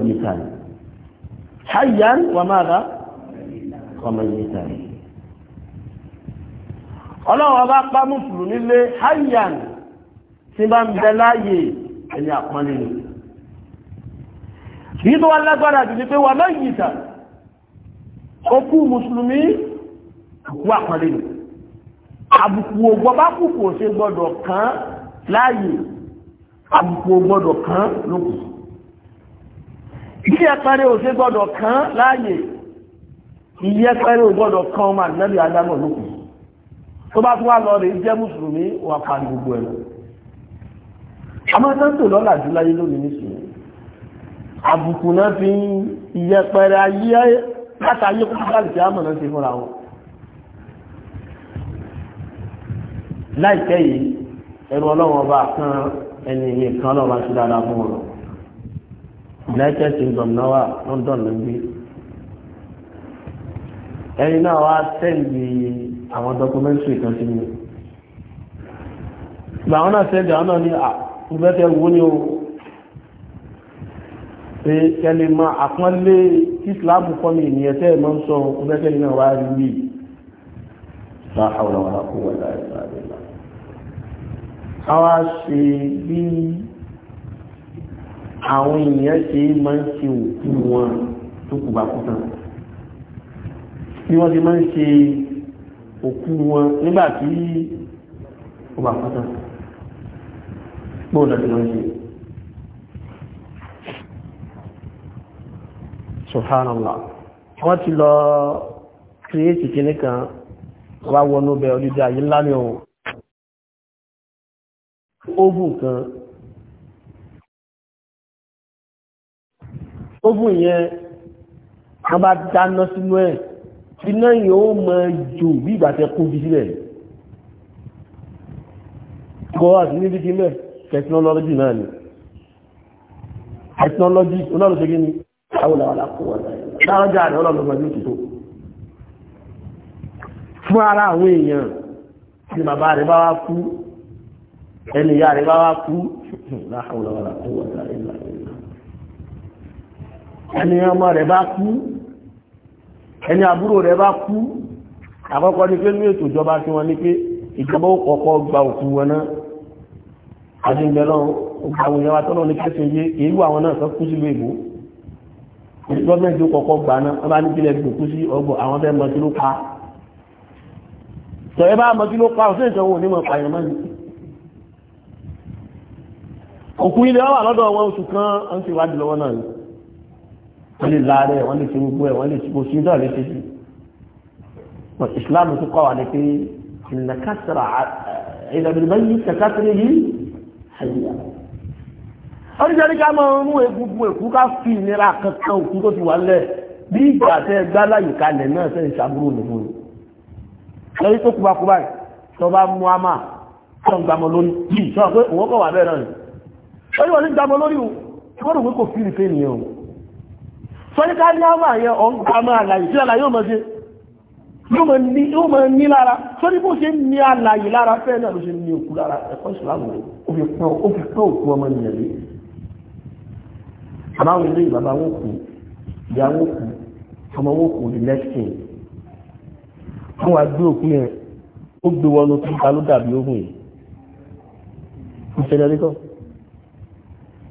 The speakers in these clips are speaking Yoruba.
ميتان حيا وماذا وميتان ọlọ́wọ́ bá pa mùsùlùmí lé hayyan tí bá ń bẹ láàyè ẹni àpọ́nlé ni bí tó wá lágbára jù ní pé wà náà yìí tà okú mùsùlùmí òkú àpọ́nlé ni àbùkù ògbọ́ bá kù kò ṣe gbọ́dọ̀ kàn láàyè àbùkù ògbọ́dọ̀ kàn lókùn ìyẹpẹrẹ ò sí gbọdọ̀ kàn láàyè ìyẹpẹrẹ ò gbọdọ̀ kàn ọmọ àdínábì adámọ̀ lókun tó bá tún wá lọ rè jẹ́ mùsùlùmí wà pa gbogbo ẹ̀ lọ àmọ́ sáńtò lọ́là jù láyé lónìí nìṣẹ́ àbùkù náà fi ìyẹpẹrẹ ayé látàyé kó bá lùtí àmọ̀ náà ti fúnra wọn láìpẹ́ yìí ẹnu ọlọ́wọ́n bá kan ẹni ìyẹn kan lọ́wọ́ bá ti dáadáa fún wọn united kingdom náà wà london ló ń gbé ẹni náà wá sẹ́ǹdì àwọn documentary kan sí mi ìgbà àwọn náà sẹ́ǹdì àwọn náà ní àfúgbẹ́tẹ̀ wo ni o pé kẹ́lẹ̀ ma àpọ́nlé islam kọ́mi ènìyàn tẹ́ mọ́ ń sọ ọgbẹ́kẹ́lẹ̀ náà wá rí rí la hawla wala quwwata illa billah àwọn èèyàn ṣe máa ń ṣe òkú wọn tó kù bá kú tán bí wọ́n ṣe máa ń ṣe òkú wọn nígbà tí ó bá kú tán bóun náà ti máa ń ṣe. subhanallah wọ́n ti lọ kírẹ́ẹ̀tì kìnnì kan wá wọnú bẹ ojú ayé ńlá ni kan oven yẹn wọ́n bá dáná sínú ẹ̀ iná yẹn ó mọ jò bí ìgbà tẹ kó bí sílẹ̀ gbọ́ àti níbi kí mẹ́ tẹkinọ́lọ́jì náà ni tẹkinọ́lọ́jì onáàlùsọ kí ni àwòlàwàlà kó wà láàájá rẹ̀ ọlọ́lọ́gbọ̀n ní òtítọ́ fún ara àwọn èèyàn tí bàbá rẹ̀ bá wá kú ẹni ìyá rẹ̀ bá wá kú láàáwòlàwàlà kó wà láàájá ẹni ọmọ rẹ̀ bá kú ẹni àbúrò rẹ̀ bá kú àkọ́kọ́ ní pé ní ètò ìjọba tí wọ́n ní pé ìjọba ó kọ́kọ́ gba òkú wọn náà àti ìgbẹ̀lọ́ àwọn èèyàn atọ́nà ní kẹsàn yé èyí wà wọn náà sọ ni òkú ilé wà lọ́dọ̀ wọn oṣù kan ń ṣèwádìí lọ́wọ́ náà ni wọ́n lè láàárẹ̀ wọ́n lè ṣe gbogbo ẹ̀ wọ́n lè kò sí dọ́ọ̀lẹ́ ṣe sí islam tó kọ́ wa ni pé ìnà kásìrà ìdàbìrìbá yìí kàkásìrì yìí àyíyá oníṣẹ́ni ká máa mú egungun èkú ká fi ìnira kankan òkú tó ti wà lẹ̀ bí ìgbà tẹ gbáláyè kalẹ̀ náà sẹ́ ìṣàbúrò nìbò ni tó kúba kúba yìí tó bá mú sọ́níká ní àmà yẹn ọ̀n gbàmà àlàyé sí àlàyé ọmọdé yóò mọ̀ ní lára sọ́ní bó ṣe ní àlàyé lára fẹ́ náà ló ṣe ní òkú lára ẹ̀kọ́ ìsìlámù ó fi pẹ́ òkú ọmọ nìyẹn lé àbáwọn ilé ìbàbá wọn kù ìyá wọn kù ọmọ wọn kù the next thing wọn wá gbé òkú yẹn ó gbé wọnú tó ta ló dàbí ogun yìí ìṣẹ̀lẹ̀ nìkan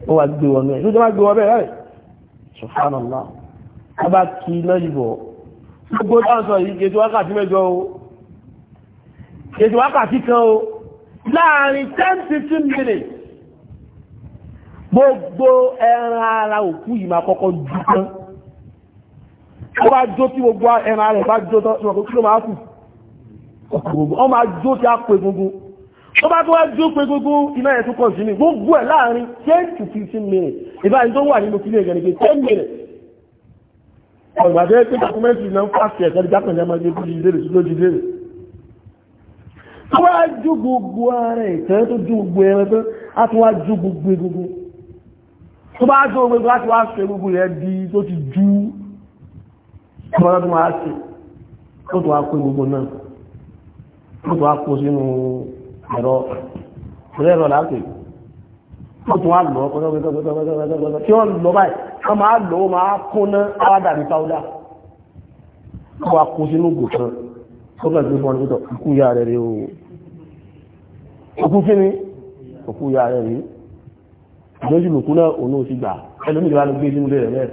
ó wá gbé wọnú ẹ̀ ló jẹ́ wá gbé wọn bẹ́ẹ̀ subhanallah a bá kí lọ́yìnbọ̀ gbogbo dáńsọ yìí kejì wákàtí mẹ́jọ o kejì wákàtí kan o láàrin ten fifteen minutes gbogbo ẹran ara òkú yìí máa kọ́kọ́ jù tán ó bá jó tí gbogbo ẹran rẹ̀ bá jó tán ṣùgbọ́n kí ló máa kù tó bá tó wá jó pé gbogbo iná ẹ̀ tó kọ̀ sí ní gbogbo ẹ̀ láàrin ten to fifteen minutes ìbáyìí tó wà nínú kílẹ̀ ìgbẹ̀rẹ̀gbẹ̀ ten minutes ọgbà jẹ́ pé dọ́kúmẹ́ntì náà fásitì ẹ̀kẹ́ jápẹ̀ ní ọmọdé kú jíjẹ́ rẹ̀ lójíjẹ́ rẹ̀ tó wá jó gbogbo ara ìtẹ́ tó jó gbogbo ẹran tó á tó wá jó gbogbo egungun tó bá jó gbogbo á tó wá ṣe gbogbo yẹn di tó ti ju ọmọdé tó máa ṣe tó tó wá kó gbogbo náà tó tó wá kó sínú ẹ̀rọ ìrẹ́ ẹ̀rọ láti ó tún á lọ pẹ́tọ́pẹ́tọ́pẹ́tọ́pẹ́tọ́ tí wọ́n lọ báyìí wọ́n máa lọ ó máa kóná áwádà ní sáúdà ó wà kó sínú gò kan ó kàn sí fún ọ ikú ya rẹ̀ o òkú kí ni òkú ya rẹ̀ rí lójú lùkú náà òun ò sì gbà ẹlòmí ìgbà ló gbé sínú ilé rẹ̀ rẹ̀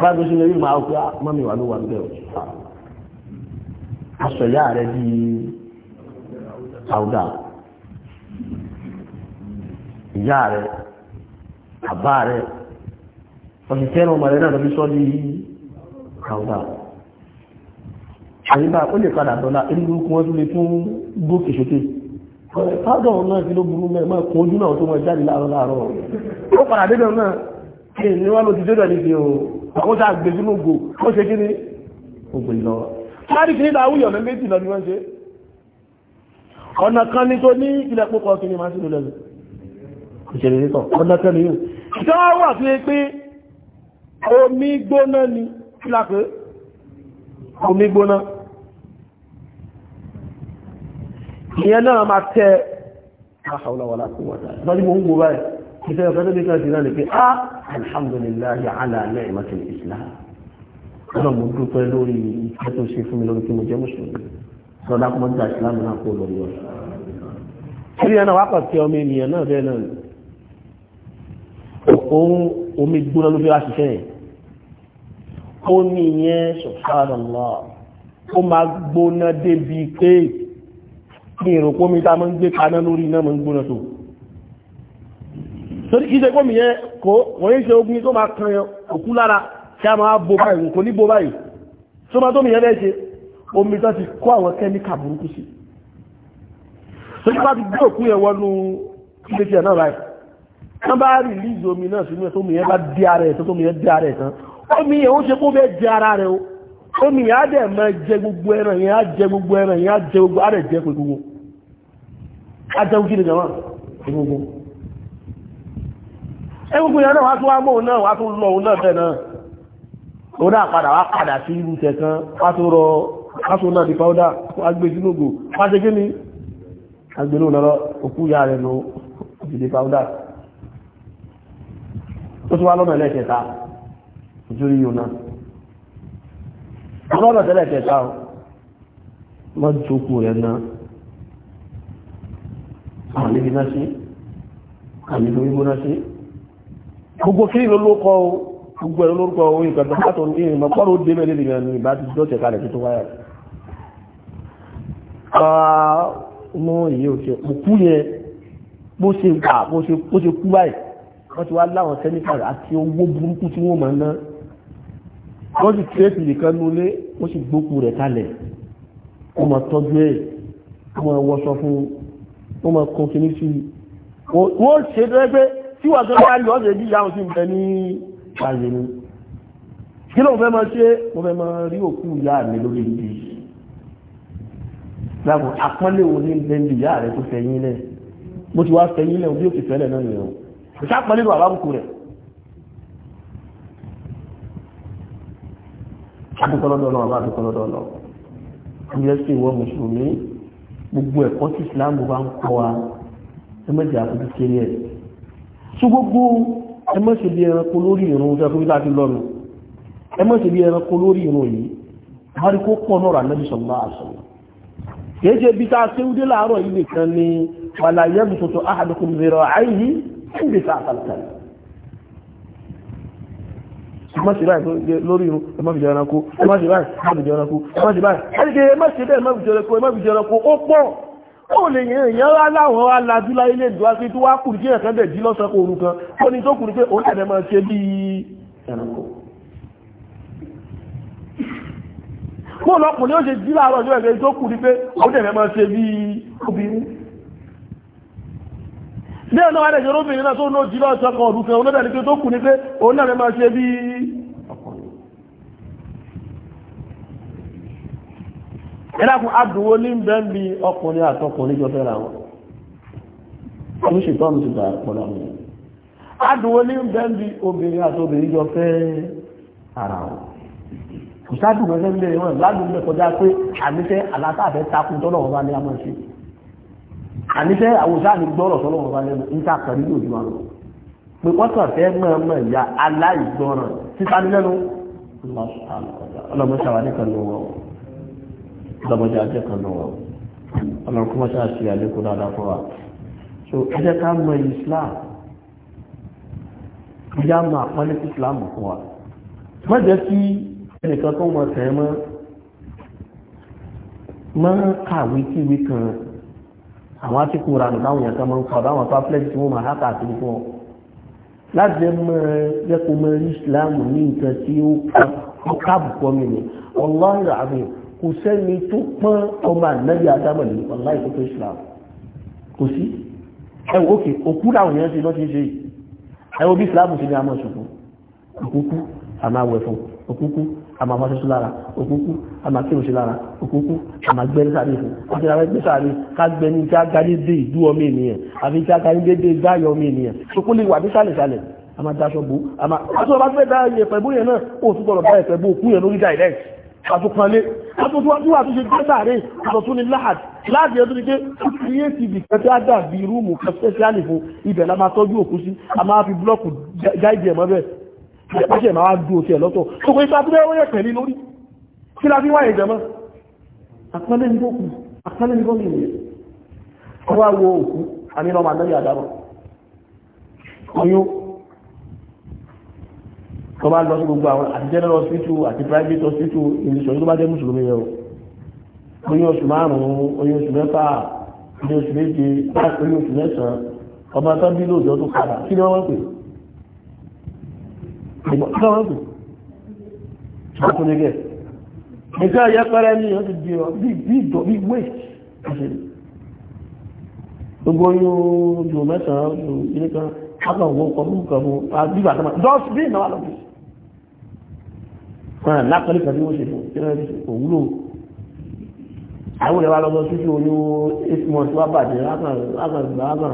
bá gbé sínú ilé máa ah, o aṣọ ìyá rẹ̀ bíi sáúdà ìyá rẹ̀ bàbá rẹ̀ wọ́n ti fẹ́ràn ọmọ rẹ̀ náà lọ́bí sọ́ ní sáúdà àyíká ó lè padà dọ́là inú kún wọ́n tún lè tún gòkè sókè sáúdà ọ̀nà ìfi ló burú mẹ́ máa kún ojú náà tó wọ́n jáde láàárọ̀ láàárọ̀ ó padà débẹ̀ náà kí ni wọ́n lọ ti débẹ̀ níbi o àwọn tá a gbèsè lógo ó ṣe kí ni ògbè lọ. Máàrí ọ̀nà kan ní tó ní ilẹ̀ púpọ̀ kí ni máa sí lọ́lẹ́lẹ́ ìṣẹ̀lẹ̀ nítọ̀ ọ̀nà kan ní yóò tó wà fi pé omi gbóná ni lápé omi gbóná ìyẹn náà máa tẹ́ àhàwọ̀láwọ̀lá fún wọn lọ́dí mo ń gbó báyìí ìṣẹ́ ọ̀kẹ́ tó bí kan sí náà sọdá kọ́mọ́ tí àṣìláàmù náà kó lórí wọn. ẹni yẹn náà wá kàn sí ọmọ ènìyàn náà bẹ́ẹ̀ náà ni òun omi gbóná ló fi wá ṣiṣẹ́ yẹn ó ní ìyẹn subhanallah ó máa gbóná débi pé ní ìrùkú omi tá a máa ń gbé kaná lórí iná máa ń gbóná tó torí kí ṣe gómìnà kó wọ́n yé ṣe ogun tó máa kan òkú lára kí a máa bo báyìí kò ní bo báyìí tó máa tó mìíràn bẹ́ẹ̀ ṣe omi tó ti kó àwọn kẹ́míkà burúkú sí tó ní bá ti gbé òkú yẹn wọnú ilé tí ẹ̀ náà láì wọ́n bá rìlíìsì omi náà sínú ẹ̀ tómi yẹn bá dí ara ẹ̀ tó tómi dí ara ẹ̀ tán omi yẹn ó ṣe kó fẹ́ di ara rẹ̀ o omi yẹn á dẹ̀ máa jẹ gbogbo ẹran yẹn á jẹ gbogbo ẹran yẹn á jẹ gbogbo á dẹ̀ jẹ gbogbo á jẹ gbogbo kí ni jàmá gbogbo ẹ gbogbo yẹn náà wá tún wá mọ́ òun náà wá tún lọ òun náà bẹ́ẹ̀ náà òun náà padà wá padà aṣọ náà di pàódà agbé sínúgbò pàṣẹ kí ni agbénú lọ́rọ̀ òkú ya rẹ̀ lọ ìdí pàódà ó tún wá lọ́nà ẹlẹ́kẹta ìjúrí yóò náà lọ́nà ẹlẹ́kẹta wọ́n ti tókù rẹ̀ náà àwọn níbi náà sí àmì lórí gbóná sí gbogbo kí ló ló kọ́ gbogbo ẹ̀rọ lórúkọ owó ìgbàgbọ́ látọ̀ ní ìrìnmọ̀ pọ́rọ̀ ó dé mẹ́lẹ́lẹ́gbẹ̀rẹ̀ ní ìbá ti dọ́tẹ̀ kalẹ̀ tó tó ọmọ èyí òṣè òkú yẹn bó ṣe gbà bó ṣe kú báyìí wọ́n ti wá láwọn sẹ́nítàrì àti owó burúkú tí wọ́n máa ná wọ́n sì tírèsì nìkan nulé ó sì gbókù rẹ̀ kalẹ̀ ó máa tọ́jú ẹ̀ ó máa wọṣọ fún ó máa kó kíní sí wọ́n ṣe tó pé tí wàá tó bá lọ ọ̀sẹ̀ yìí yàwó sí ń bẹ ní àyè ni kí ló ń fẹ́ máa ṣe mo fẹ́ máa rí òkú ìyá mi lórí ibi láàbò àpọ́nlé wo ní bẹ́ẹ̀lì ìyá rẹ̀ tó fẹ̀yìn lẹ̀ bó ti wá fẹ̀yìn lẹ̀ bí ó ti fẹ́lẹ̀ náà nìyẹn o kò sá pọ́nlé lọ àbábùkù rẹ̀ adúgbọ́lọ́dọ̀ náà adúgbọ́lọ́dọ̀ náà ìyẹn sì wọ́n mùsùlùmí gbogbo ẹ̀kọ́ tí ìsìláàmù bá kìí ṣe bí tá a ṣe ń dé láàárọ̀ yìí nìkan ni wàlá yẹ́bù tuntun zero àìyí ń bè sá àfàlùkà ẹ má ṣe báyìí lórí irun ẹ má fi jẹ ẹranko ẹ má ṣe báyìí fi jẹ ẹranko ẹ má ṣe báyìí ẹ má ṣe bẹ́ẹ̀ ẹ fi jẹ ẹranko ẹ fi jẹ ẹranko ó pọ̀ ó lè yẹn èèyàn wá láwọn wá lajú láyé lè dùn àti tó wá kùrù kí ẹ̀kan dẹ̀ jí lọ́sàn-án kò orun kan ó ní tó kùrù pé òun tẹ̀lé máa ṣe bíi kó lọkùnrin ó ṣe jí láàárọ̀ ọjọ́ ẹ̀rẹ́ tó kù ní pé òun dẹ̀ mẹ́mọ́ ṣe bí obìnrin ní ọ̀nà wà lẹ́jọ́ lóbìnrin náà tó ní òjì lọ́ọ̀ sọ́kọ̀ ọ̀dún kan olóbẹ̀ ní pé tó kù ní pé òun náà mẹ́mọ́ ṣe bí ọkùnrin ẹ̀dàkùn adùnwó ní ń bẹ́ ń bi ọkùnrin àtọkùnrin jọ fẹ́ra wọn ọdún ṣètọ́ mi ti gbà pọ̀lọ́ mi adùnwó ní ń bẹ́ ń ìsájú wọn ṣe ń bẹ̀rẹ̀ wọn ládùn mẹ́ kọjá pé àníṣẹ́ alátàfẹ́ takun tọ́lọ̀ wọn bá ní àmọ́ sí àníṣẹ́ àwòṣá ni gbọ́rọ̀ tọ́lọ̀ wọn bá lẹ́nu níta pẹ̀lú yóò ju àrùn pé wọ́n kàn fẹ́ mọ̀ mọ̀ ìyá aláìgbọràn títa ní lẹ́nu ọlọ́mọṣàwà ní kan lọ́wọ́ ọlọ́mọṣàwà jẹ́ kan lọ́wọ́ ọlọ́mọṣàwà sí àlékún dáadáa fún wa so ẹ jẹ́ ká mọ̀ Islam ẹ jẹ́ àmọ́ àpọ́nlé Islam fún wa mọ̀jẹ́ sí ẹnìkan tó mọ̀ tẹ̀ mọ́ máa kàwé kíwé kan àwọn àtìkù ranù táwọn èèyàn kan máa ń kọ àbáwọn pamphlets tí wọ́n máa há káàkiri fún ọ láti ẹ mọ ẹkọ mọ ìsìláàmù ní nǹkan tí ó káàbùkọ mi ni ọlọ́run àbí kò sẹ́ni tó pọ́n ọmọ ànábì adámọ̀ ní ọláì tó tó ìsìláàmù kò sí ẹwọ òkè òkú làwọn èèyàn ṣe lọ́sí ṣe yìí ẹwọ bí ìsìláàmù ṣe ní amọ̀ ṣùgbọ́n òkúkú àmàwẹ̀ fún òkúkú àmà wáṣọ sí lára òkúkú àmà kírun sí lára òkúkú àmà gbẹ́ni sáré fún àti àwọn ẹgbẹ́ sáré ká gbẹ́ni kí á gáyé dé ìdú ọmọ ènìyàn àfi kí á gáyé dé dé gbáyọ ọmọ ènìyàn sokó lè wà ní sálẹ̀ sálẹ̀ àmà daṣọ bò àmà àti ọba fẹ́ dá ìyẹ̀pẹ̀ bóyẹ̀ náà ó tún gbọ́dọ̀ bá ìyẹ̀pẹ̀ bó òkú yẹn lórí direct àtúnkanlé àtúntúwájú àtúnṣe gbẹ́sàárè ẹ̀pẹ́ṣẹ̀ máa dú òtí ẹ̀ lọ́tọ̀ tó kò ipá tó bẹ́ wọ́yẹ̀ pẹ̀lú lórí kí láti wáyé jẹmọ́ àpẹẹlẹ́ ìgbókù àpẹẹlẹ́ ìgbókù ọwá wo òkú àmìnà ọmọ àdáyé àdábọ̀ oyún tó bá lọ sí gbogbo àwọn àti general hospital àti private hospital ìrìnsọ̀ yìí tó bá jẹ́ mùsùlùmí yẹ oyún oṣù márùn-ún oyún oṣù mẹ́fà oyún oṣù méje oyún oṣù mẹ́sàn-án ọmọ tó bí lóòjọ́ tó padà kí ni wọ́n wọ́n pè é ìgbọ̀nsáwọ́sù ṣàkúnigẹ̀ ẹgbẹ́ ayẹ́pẹ́rẹ́ ní ọdún bí ọ bí ìdọ̀ bí wéṣì gbogbo yóò jù mẹ́sàn-án jù ìrìnkan agbàwọ̀ kọlùkọ̀mù àbíbà tó máa just be in our office náà lápẹ́lẹ́ kan tí wọ́n ṣe fún ìrìnàjò òwúlò àwọn ìwà lọ́gbọ́n títí oyún eight months wá bàjẹ́ lágbàgbà lágbàgbà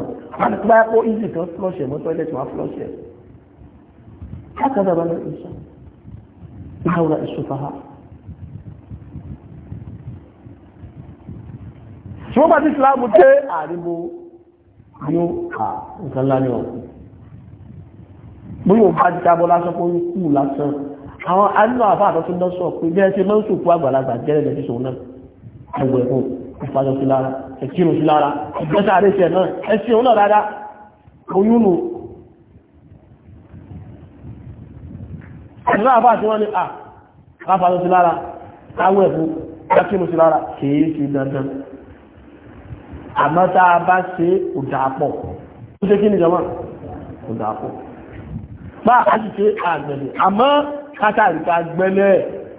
láti báyẹ̀ kó easy kan flush ẹ̀ mọ́ toilet wá flush ẹ̀ هكذا بنى الإنسان هؤلاء السفهاء tí wọ́n bá ti ìsìláàmù dé àríwó yóò à nǹkan láni ọ̀pọ̀ bí yóò bá jábọ́ lásán kó ń kú lásán àwọn anínú àbá àtọ́tí ń lọ́sọ̀ pé bí ẹ ṣe máa ń sòkú àgbàlagbà jẹ́rẹ̀ lẹ́sí sòun náà ẹgbẹ̀ ẹ̀kọ́ ìfàjọ sí lára ẹ̀kírun sí lára ẹgbẹ́sà àrẹ́sẹ̀ náà ẹ̀sìn òun náà rárá oyún nù ẹ̀sùn àbá àti wọ́n ní à káfàánú sí lára káwọ́ ẹ̀fún kákínú sí lára kìí ṣe dandan àmọ́ tá a bá ṣe òdàpọ̀ ó ṣe kí ni jọmọ́ òdàpọ̀ bá a ti ṣe àgbẹ̀lẹ̀ àmọ́ kátàríkà gbẹ́lẹ̀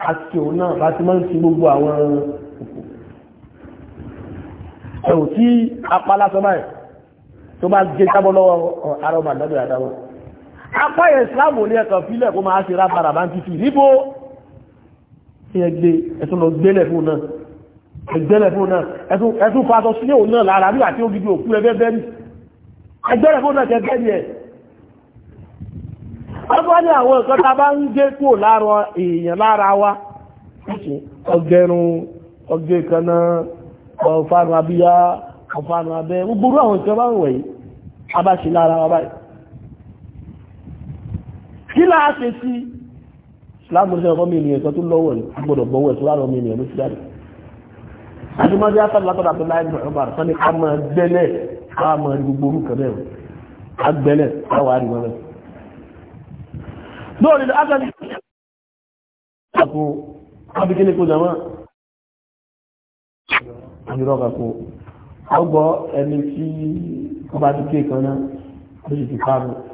àti òun náà bá ti máa ń ṣe gbogbo àwọn òkú ẹ̀wò tí apá lásán báyìí tó bá gé jábọ́ lọ́wọ́ àrọ́bà apáyẹ islam ní ẹ̀kàn fílẹ̀ kó máa ṣe rábàrà bá ń títì níbo ẹgbẹ́ ẹ̀tún lọ gbẹ́lẹ̀ fún náà ẹgbẹ́lẹ̀ fún náà ẹ̀tún fàtọ̀ sí òun náà lára nígbà tí ó gidi òkú ẹgbẹ́ bẹ́ẹ̀ni ẹgbẹ́lẹ̀ fún náà tẹ́gbẹ́ ni ẹ̀ ọgbọ́n ní àwọn nǹkan tá bá ń gé kúrò lára èèyàn lára wa ọgẹrun ọgẹ kaná ọfàrùn abíyá ọfàrùn abẹ gbogbo àwọn nǹkan bá ń wọ̀nyí a bá ṣe lára wa báyìí kí láà ṣe sí islam ṣe ọkọ mi ènìyàn kan tó lọ́wọ́ rẹ̀ gbọ́dọ̀ gbọ́wọ́ ẹ̀ tó láàrọ̀ mi ènìyàn ló ti jáde àdìmọ́dé afẹ́lẹ́ látọ̀dọ̀ abdullahi ibn umar sani ká máa gbẹ́lẹ̀ ká máa gbogbo orúkọ bẹ́ẹ̀ o ká gbẹ́lẹ̀ ká wàá rí wọn bẹ́ẹ̀. lóòrè asadi kò abikini kò jama àyùrọ̀ kà kò ọgbọ́ ẹni tí ọba ti ké kan náà lóṣù tó kárùn-ún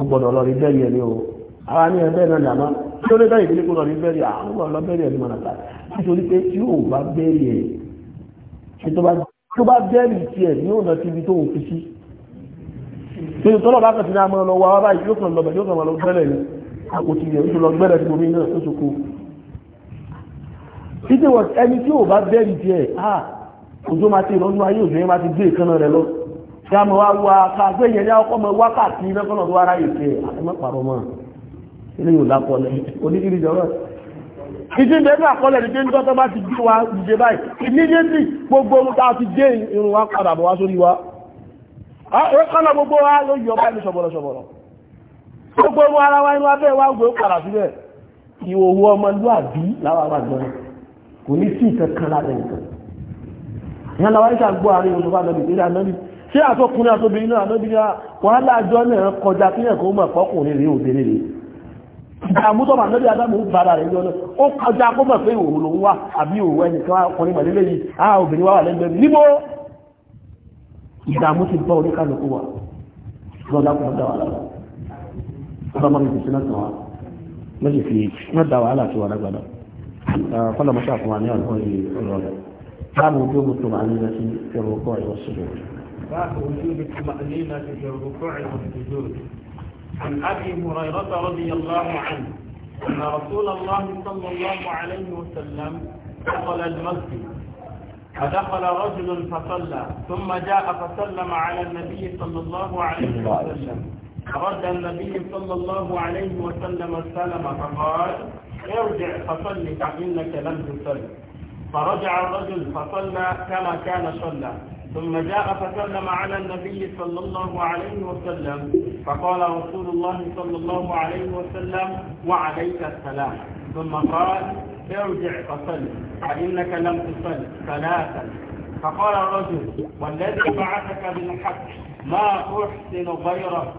gbọ́dọ̀ lọ rí bẹ́ẹ̀ yẹn o ara ní ẹgbẹ́ náà dàmá tí ó lé bẹ́ẹ̀ ìdílé kó lọ rí bẹ́ẹ̀ àwọn ọ̀gbọ́n lọ bẹ́ẹ̀ yẹn ni mọ̀nà ta nítorí pé tí yóò bá bẹ́ẹ̀ yẹn tí tó bá bẹ́ẹ̀ tiẹ̀ ni yóò lọ síbi tó ń fi sí nínú tọ́lọ̀ bá kàn sí náà máa lọ wá báyìí yóò kàn lọ bẹ̀ yóò kàn lọ gbẹ́lẹ̀ ni kò ti yẹ oṣù lọ gbẹ́lẹ̀ tí omi náà oṣù kú. títí wọ ẹni tí yóò bá bẹ́ẹ̀ tiẹ̀ ah òjò máa ti lọ́nu ayé òjò yẹn máa ti gbé ìkànnà rẹ lọ kí a mọ̀ wá wá káàgbé yẹn ní ọkọ̀ mọ̀ wákàtí lọ́kọ̀nà tó wára ìfẹ́ àtẹ́mọ́pàrọ̀ mọ́ ilé yóò lápọ̀lẹ̀ oníkiri jọ̀rọ̀ ìdí ìdẹ́nu àkọlẹ̀ ní kéńtọ́ tó bá ti gbé wa ìdíje báyìí ìníjẹ́sì gbogbo ohun tá a ti dé irun wa padà bọ̀ wá sórí wa ọ̀rẹ́kọ́nà gbogbo wa ló yọ báyìí ṣọ̀bọ̀rọ̀ ṣọ̀bọ̀rọ̀ gbogbo ohun ara wa inú abẹ́ wa gbé padà síbẹ̀ ìhòòhò ọmọlúàbí láwa wà gan kò ní sí ìkankan lábẹ́ nǹkan ìyá làwọn ìṣàgbọ́ àárín olùbádọ́bì ṣé àtọkùnrin àtobìnrin náà lóbìnrin wàhálà àjọ náà kọjá kí ẹ̀kọ́ mọ̀ fọkùnrin rí òbìnrin rí ìdààmú tọ́ba lórí adámù ń bára rẹ̀ lọ́nà ó kọjá kó mọ̀ pé òun lòun wá àbí òun ẹnìkan ọkùnrin mọ̀lélẹ́ yìí á obìnrin wá wà lẹ́gbẹ̀ẹ́ mi níbo ìdààmú ti bọ́ oníkàlùkù wa lọ́dà kò dá wàhálà ọba mọ́ mi kò sí náà tán wa lọ́sì fi má dá wàhálà sí باب وجوب الطمأنينة في الركوع والسجود عن أبي هريرة رضي الله عنه أن رسول الله صلى الله عليه وسلم دخل المسجد فدخل رجل فصلى ثم جاء فسلم على النبي صلى الله عليه وسلم فرد النبي صلى الله عليه وسلم السلام فقال ارجع فصل فإنك لم تصل فرجع الرجل فصلى كما كان صلى ثم جاء فسلم على النبي صلى الله عليه وسلم فقال رسول الله صلى الله عليه وسلم وعليك السلام ثم قال ارجع فصل فإنك لم تصل ثلاثا فقال الرجل والذي بعثك بالحق ما أحسن غيره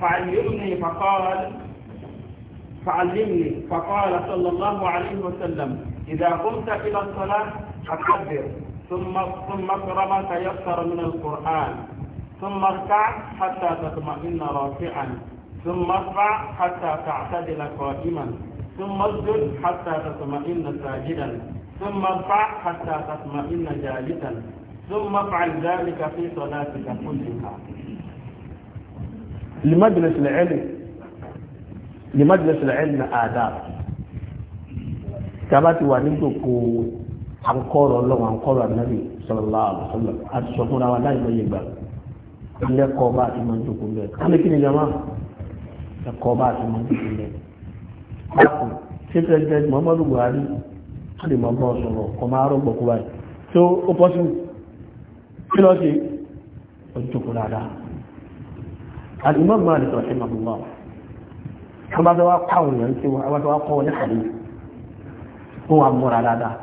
فعلمني فقال فعلمني فقال صلى الله عليه وسلم إذا قمت إلى الصلاة فكبر ثم ثم اقرأ ما تيسر من القرآن ثم اركع حتى تطمئن راكعا ثم ارفع حتى تعتدل قائما ثم اسجد حتى تطمئن ساجدا ثم ارفع حتى تطمئن جالسا ثم افعل ذلك في صلاتك كلها لمجلس العلم لمجلس العلم آداب كما توانيتو à ń kọ́rọ̀ ọlọ́run à ń kọ́rọ̀ ànábì sallallahu alaihi wasallam àti sọ̀kúnra wa láì lóye gbà lẹ́kọ̀ọ́ bá àti máa ń jókòó bẹ́ẹ̀ kálí kí ni jama ẹ̀kọ́ bá àti máa ń jókòó bẹ́ẹ̀. bákan ṣé president Muhammadu Buhari á lè máa bọ́ sọ̀rọ̀ kọ́ máa rọ̀ gbọ̀kú báyìí tó ó pọ́ sí kí lọ́ọ́ ṣe ó jókòó dáadáa. Al-Imam Malik rahimahullah wọ́n bá fẹ́ wá kọ́ èèyàn ń ṣe wọ́n bá fẹ́ wá kọ́ wọn ní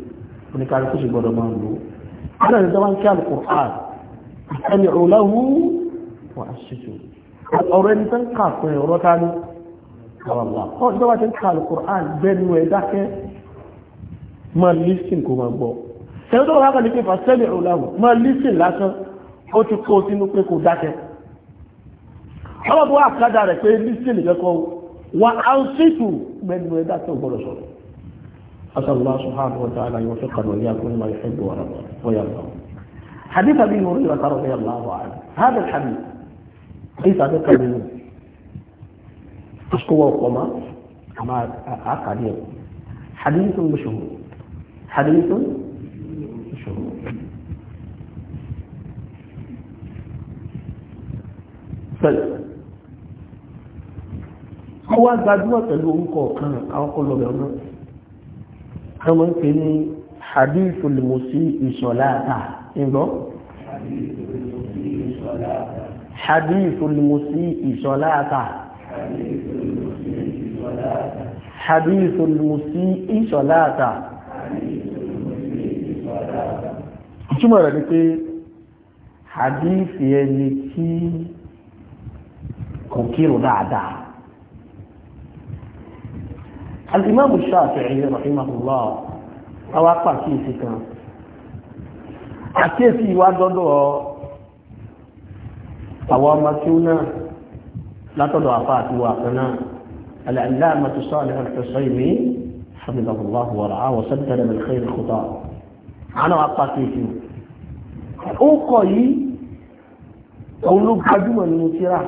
oníkàlùkù sì gbọdọ̀ máa ń lò ó nígbà tí wọ́n kí Al-Qur'an ẹni òláwú wà á ṣètò ọ̀rọ̀ ẹni tó ń kà fún ọ̀rọ̀ ta ni àwàlá ọ̀ tí wọ́n ti ń kà Al-Qur'an gbẹnu ẹ̀ dákẹ́ máa lísìn kó máa gbọ́ ẹni tó wà kàn ní pé fàṣẹ́lẹ̀ òláwú máa lísìn lásán ó ti kó sínú pé kó dákẹ́ ọlọ́dún wà kájà rẹ̀ pé lísìn nìkan kọ́ wà á ṣètò gbẹnu ẹ̀ dákẹ́ ò sọ̀rọ̀ أسأل الله سبحانه وتعالى أن يوفقنا وإياكم لما يحب ويرضى ويرضى حديث أبي هريرة رضي الله عنه هذا الحديث حديث أبي منه أشكو وقما كما أقعد حديث مشهور حديث مشهور طيب هو قد وصل لهم كوكا أو كل يوم kan mọ́ ń pè ní hadithul musii salata ìgbọ́ hadithul musii salata hadithul musii salata ìtumọ̀ rẹ̀ ni pé hadithi ẹni tí kò kírò dáadáa alimami Shafi'i rahimahullah àwa pàkíyèsí kan àkíyèsí ìwà dọ́dọ̀ àwọn ọmọ tí ó náà látọ̀dọ̀ àfa àti wà kan náà al-allamah Salih al-Husaymi hamidullah wa ra'a wa saddada min khayr khuta àwọn àwa pàkíyèsí ó kọ̀ yìí òun ló gbajúmọ̀ nínú tíra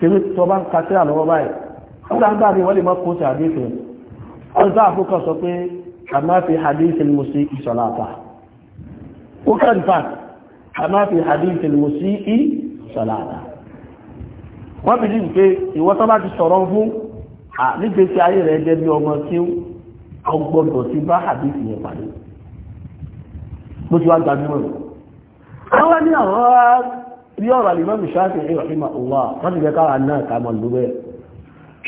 tèmi tó bá ń ka tíra lọ́wọ́ báyìí nígbàgbà ni wọ́n lè mọ́ kó sí àdéfẹ́ wọ́n tó àfúkọ́ sọ pé àmáfi hadith ilmusi ìṣọ̀láta ó kàn fà àmáfi hadith ilmusi ìṣọ̀láta wọ́n bí dín pé ìwọ́n tó bá ti sọ̀rọ̀ fún nígbèsí ayé rẹ̀ jẹ́ bí ọmọ tí ó gbọ́dọ̀ sí bá hadith yẹn pàdé bí ọ̀rọ̀ àlìmọ́ mìṣáàtì ìrọ̀lẹ́mà ọ̀wà wọ́n ti jẹ́ káwà náà kà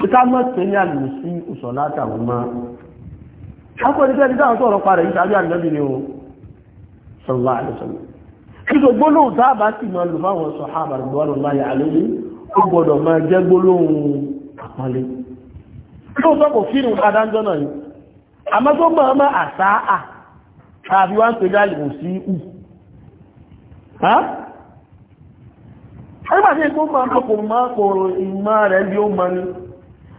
ká mọ́ pé ní àlùmí sí ìṣọ̀lá àtàwọn máa akọni tẹ́ni táwọn sọ̀rọ̀ parẹ̀ yìí tàbí àjọ́bí ni o sọ̀rọ̀ àlùsọ̀rọ̀ kíso gbólóhùn tá a bá sì máa lò fáwọn sọ̀hábà gbọ́nà láyé àlóyé ó gbọ́dọ̀ máa jẹ́ gbólóhùn àpọ́nlé tó sọ kò fínú adájọ́ náà yìí àmọ́ tó máa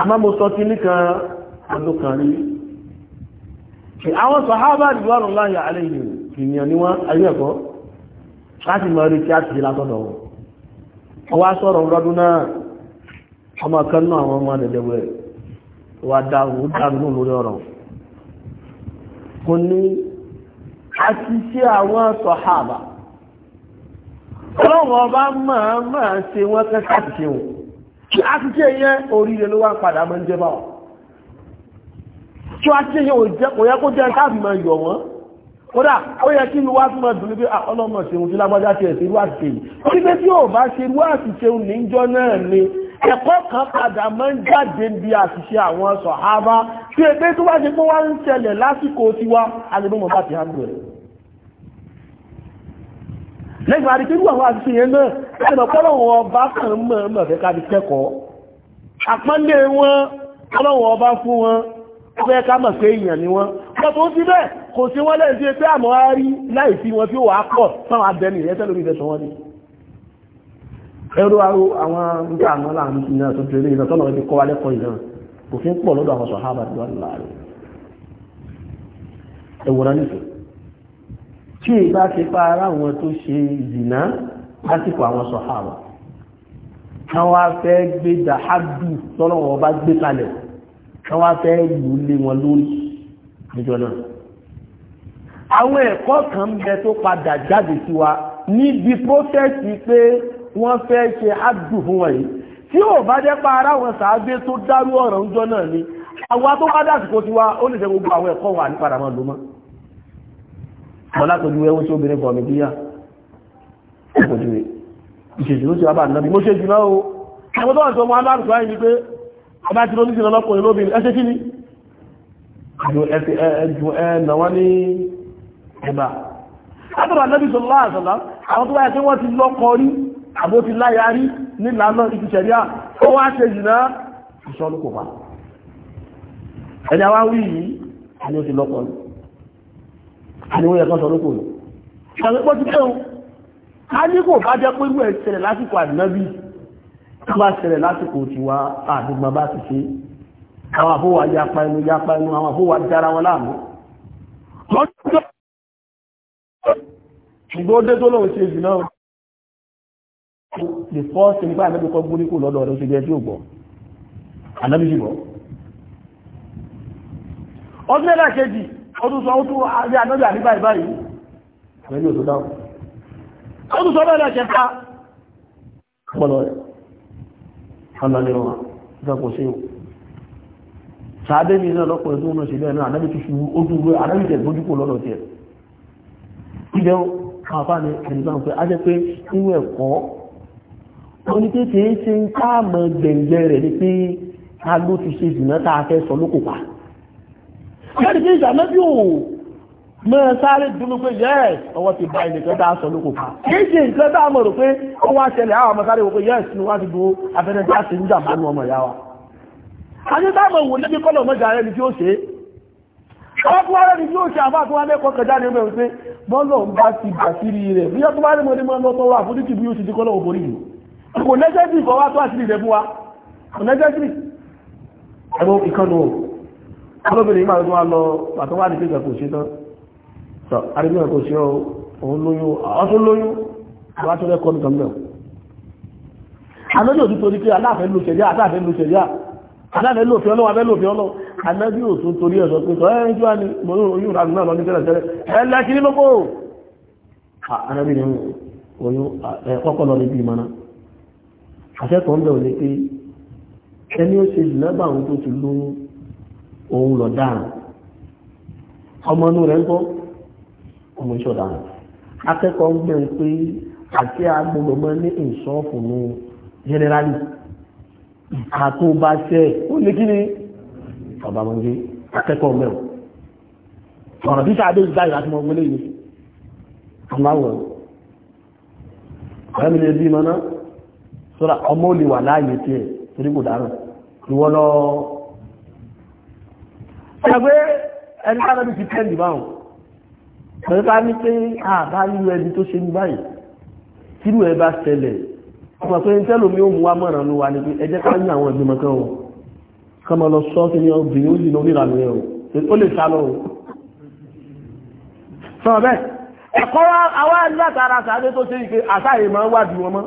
àmá mo sọ kí nìkan ọlọ́kànrí kí àwọn sọ̀hábà ìwọ̀n láyé àlẹ́yìn ìyàn ni wọ́n ayé ẹ̀kọ́ láti mọ̀ rí kí á ti látọ̀dọ̀ wọn ọwá sọ̀rọ̀ lọ́dún náà ọmọ kan náà àwọn ọmọ dẹ̀dẹ̀wẹ̀ wà dáhùn dánú lórí ọ̀rọ̀ kò ní àti ṣe àwọn sọ̀hábà ọlọ́wọ́ bá máa máa ṣe wọ́n kẹ́kẹ́ àti ṣe wọn àtúnṣe yẹn oríire ló wá padà mọ́ ń jẹ́ báwọn tí wọ́n àtúnṣe yẹn kò yẹ kó jẹ́ káàbì máa yọ̀ wọ́n kódà ó yẹ kí wá tún máa dùn ní pé ah, ṣeun tí lágbájá ti ẹ̀sìn irú àṣìṣe yìí ó ní tí ò bá ṣe irú àṣìṣe níjọ́ náà ni ẹ̀kọ́ kan padà máa ń jáde bí àṣìṣe àwọn sọ̀hábá tí ẹgbẹ́ tó bá ṣe pé wá ń ṣẹlẹ̀ lásìkò tiwa alẹ́bọ́mọ bá ti hàn bẹ̀rẹ̀ lẹ́yìn àti pé irú àwọn àti ṣèyẹn náà ẹ̀nà pọ́lọ́wọ́ ọba kan mọ̀ mọ̀ fẹ́ ká fi kẹ́kọ̀ọ́ àpọ́nlé wọn pọ́lọ́wọ́ ọba fún wọn fẹ́ ká mọ̀ pé èèyàn ni wọ́n lọ́pọ̀ ó ti bẹ́ẹ̀ kò sí wọ́n lẹ́yìn sí pé àmọ́ á rí láì sí wọn tí ó wà á pọ̀ sáwọn abẹni ìrẹsẹ́ lórí ìfẹsọ̀ wọn ni ẹrú arú àwọn nígbà àmọ́ láàrin ti náà tó ti rí ìrẹsọ́ náà ti kọ́ wa lẹ́kọ̀ọ́ ìran òfin pọ̀ lọ́dọ̀ àwọn sọ̀hábà ti wà láàrin ẹwùrán nìfẹ̀ẹ́ tí ìbá ti pa ara wọn tó ṣe ìdìná lásìkò àwọn sọ̀hábà káwọn afẹ́ gbé dàhádù tọ́lọ́wọ́ bá gbé kalẹ̀ káwọn afẹ́ lù lé wọn lórí níjọ náà àwọn ẹ̀kọ́ kan bẹ tó padà jáde sí wa níbi prósẹ́sì pé wọ́n fẹ́ ṣe hádù fún wọn yìí tí ò bá jẹ́ pa ara wọn sàágbé tó dárú ọ̀rọ̀ níjọ náà ni àwa tó bá dàsìkò sí wa ó lè jẹ́ gbogbo àwọn ẹ̀kọ́ wà ní padà máa lò mọ́ mọ́lápẹ̀lú ẹwọ́ tí obìnrin kọ̀ mìdíyà ẹgbẹ̀júwé ìṣèjì ló ti wábà náà bí mo ṣe jù náà o ẹgbẹ́ tó wà tó wọ́n alárùkú ayé ni pé ọba ti lóní ìṣẹ̀lẹ̀ ọlọ́kùnrin lóbìnrin ẹṣẹ́ kí ni ẹjù ẹ̀nà wọn ní ẹ̀bà látọ̀rọ̀ anábì sọ lọ́wọ́ àṣọlá àwọn tó wáyé pé wọ́n ti lọ́kọ rí àbó ti láyà rí nílànà ibi ṣẹ̀ríà ó wá ṣe jù náà ìṣọ́lùkùpa ẹ̀dá wá wí yìí ẹni ó ti lọ́kọ rí àníwọ̀n yẹ kan sọ lókò lọ àwọn ẹgbọ́n ti tẹ́wọ̀n a ní kò bá jẹ́ pé irú ẹ̀ ṣẹlẹ̀ lásìkò ànábì tó bá ṣẹlẹ̀ lásìkò tiwa àdúgbà bá ti ṣe àwọn àfọwà yapa ẹnu yapa ẹnu àwọn àfọwà dára wọn láàmú lọ́jọ́ ṣùgbọ́n dé tó lóun ṣe jù náà the first thing bá ànábì kọ́ gbórí kò lọ́dọ̀ rẹ̀ ó ṣe jẹ́ tí ò gbọ́ ànábì sì gbọ́ ọdún mẹ́ta kejì ó tún sọ ó tún àrí ànájà ní báyìí báyìí pẹ̀lú òtún dáhùn ó tún sọ bẹ́ẹ̀ lẹ́kẹ̀ ká pọ̀lọ̀ rẹ̀ alálẹ́ wọn ìfẹ́kọ̀ sí o sàádé mi náà lọ́pọ̀ ẹ̀dún náà sílẹ̀ náà ànábì tó ṣubú ó dúró ànábì tẹ̀ gbójú kò lọ́dọ̀ tiẹ̀ ìjẹ́ àfáà ni ẹni bá ń pẹ́ á sọ lókòpá kẹ́rì pé ìṣànẹ́bí ò mọ́ sáré dúnú pé yes ọwọ́ ti bá ilẹ̀ kẹta sọ lóko pa kìí ṣe nǹkan tá a mọ̀ rò pé ó wá ṣẹlẹ̀ àwọn ọmọ sáré wò pé yes ni wá ti dúró afẹ́rẹ́ tí a ṣe ń jà mánú ọmọ ìyá wa àti táàmù wò níbi kọ́lọ̀ mọ́jà rẹ̀ ni tí ó ṣe ọkùn ara ni tí ó ṣe àbá tó wá alóbìnrin máa tún wá lọ pàtó wá ní pé kò ṣe tán tọ́ arìnrìn kò ṣe òun lóyún ọtún lóyún wá tó lẹ́kọ́ nìkan mẹ́ọ̀ anájú òtún torí pé aláàfẹ́ ló ṣẹ̀dá aláàfẹ́ ló ṣẹ̀dá aláàfẹ́ ló fi ọlọ́wọ́ abẹ́ ló fi ọlọ́ anájú òtún torí ẹ̀sọ́ pé tọ́ ẹ̀ ń jọ́ ni mo yún ìrànú náà lọ ní tẹ́lẹ̀ tẹ́lẹ̀ ẹ̀ lẹ́kìrí lóko arábìnrin oyún ọkọ̀ lọ níbi ìmọ̀ná àṣẹ́kọ̀ọ́ ń bẹ̀ ò ní pé ẹni òun lọ dáhùn ọmọ inú rẹ̀ ń kọ́ ọmọ iṣẹ́ ọ̀daràn akẹ́kọ̀ọ́ ń gbẹ̀ ń pé àti agbọ́dọ̀ mọ́ ní ìṣọ́ọ̀fù ní jẹ́nẹ́rálì àtò bá ṣẹ́ ó ní kí ni gbé sáà báyìí láti mọ gbélé yìí ṣàgbé ẹni tára bí ti tẹ́lì báwọn pẹ̀lú ká ní pé àbá irú ẹni tó ṣe ní báyìí tírú ẹ bá ṣẹlẹ̀ ọmọ pé tẹ́lómi ó mú wa mọ̀ràn ló wà ní pé ẹ jẹ́ ká ní àwọn ìgbìmọ̀ kan o ká máa lọ sọ kí ni obìnrin ó yìnbọn nílànà ẹ o ó lè sá lọ o. sọ bẹ́ẹ̀ ẹ̀kọ́ wa àwa látara sáré tó ṣe ìpè àṣàyè máa ń wádìí wọn mọ́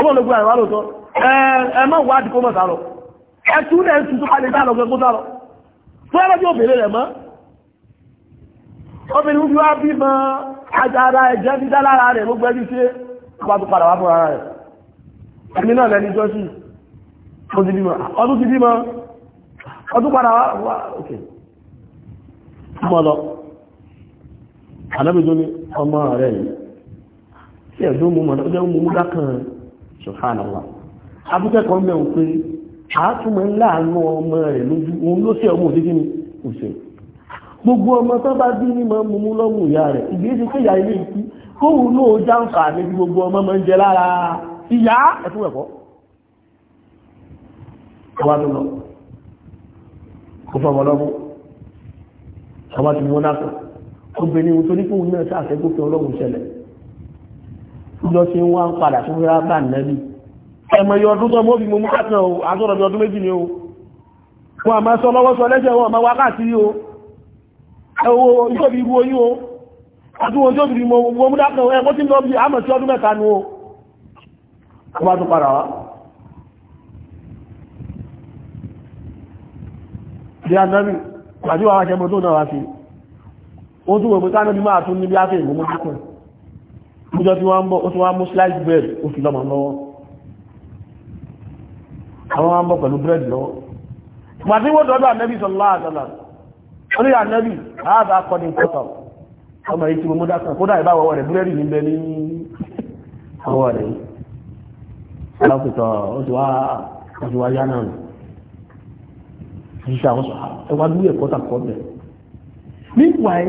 ọmọ ológun àìwá lóòótọ́ ẹ ẹ má wádìí fúlọ́lọ́jọ́ obìnrin rẹ̀ mọ́ obìnrin bí wá bí mọ́ ajára ẹ̀jẹ́ dídá lára rẹ̀ ló gbẹ́jú sí àpapọ̀ padà wá fúnra rẹ̀ ẹni náà lẹ́ni jọ́sí ọdún ti bímọ ọdún padà wá òkè mọ́ lọ alábìjọ́ ní ọmọ rẹ̀ yìí sí ẹ̀dùn mú mọ́ lọ́jọ́ mú mú dákan ṣùgbọ́n àbúkẹ́kọ̀ọ́ mẹ́wọ̀n pé àátúmọ̀ láàánú ọmọ rẹ̀ lójú òun ló sí ọmọ òdíjú ní òṣèlú gbogbo ọmọ tó bá bí ní máa mú lọ́mù ìyá rẹ̀ ìgbésí pé ìyá ilé ìkú kóhùn náà jáǹfà ní gbogbo ọmọ máa ń jẹ lára ìyá ẹ̀fún ẹ̀kọ́ ọba tó lọ kó fọmọ lọ́mù ọba tó mú náà obìnrin ohun tó ní kóhùn náà sáfẹ́ gbófin ọlọ́run ṣẹlẹ̀ lọ sí ẹmọ̀yẹ ọdún tó mọ́ bí mo mú kàtàn o àtọ́rọ̀ bí ọdún méjì ni o wọn àmọ́ sọ lọ́wọ́ sọ lẹ́sẹ̀ wọn àmọ́ wákàtí o ẹwọ ìjọbi irú oyún o àtúwò ìjọbi mo mo mú dákan ẹkọ́ tí ń lọ bí àmọ̀ sí ọdún mẹ́ta ni o wọ́n bá tún padà wá bí a nọ́bì pàdé wà wá ṣe mọ́tò náà wá sí ó tún wòpé káná bí máa tún níbi áfẹ́ ìmọ̀mọ́ kíkùn níjọ́ tí wọ́n ń bọ̀ ó àwọn àmọ́ pẹ̀lú búrẹ́dì lọ́wọ́ màtí wọ́n dọ́dọ̀ ànẹ́bì sọ̀lá àtàlà orí ànẹ́bì àádá kọ́ ní pọ́tọ̀ ọmọ yìí tí mo mú dá kan kódà ìbá wọ́wọ́ rẹ̀ búrẹ́dì níbẹ̀ ní ọwọ́ rẹ̀ alákùtọ̀ oṣù wa yá náà ṣíṣe àwọn sọ̀hà ẹwà lú ẹ̀kọ́ tà kọ́ bẹ̀ nípa ẹ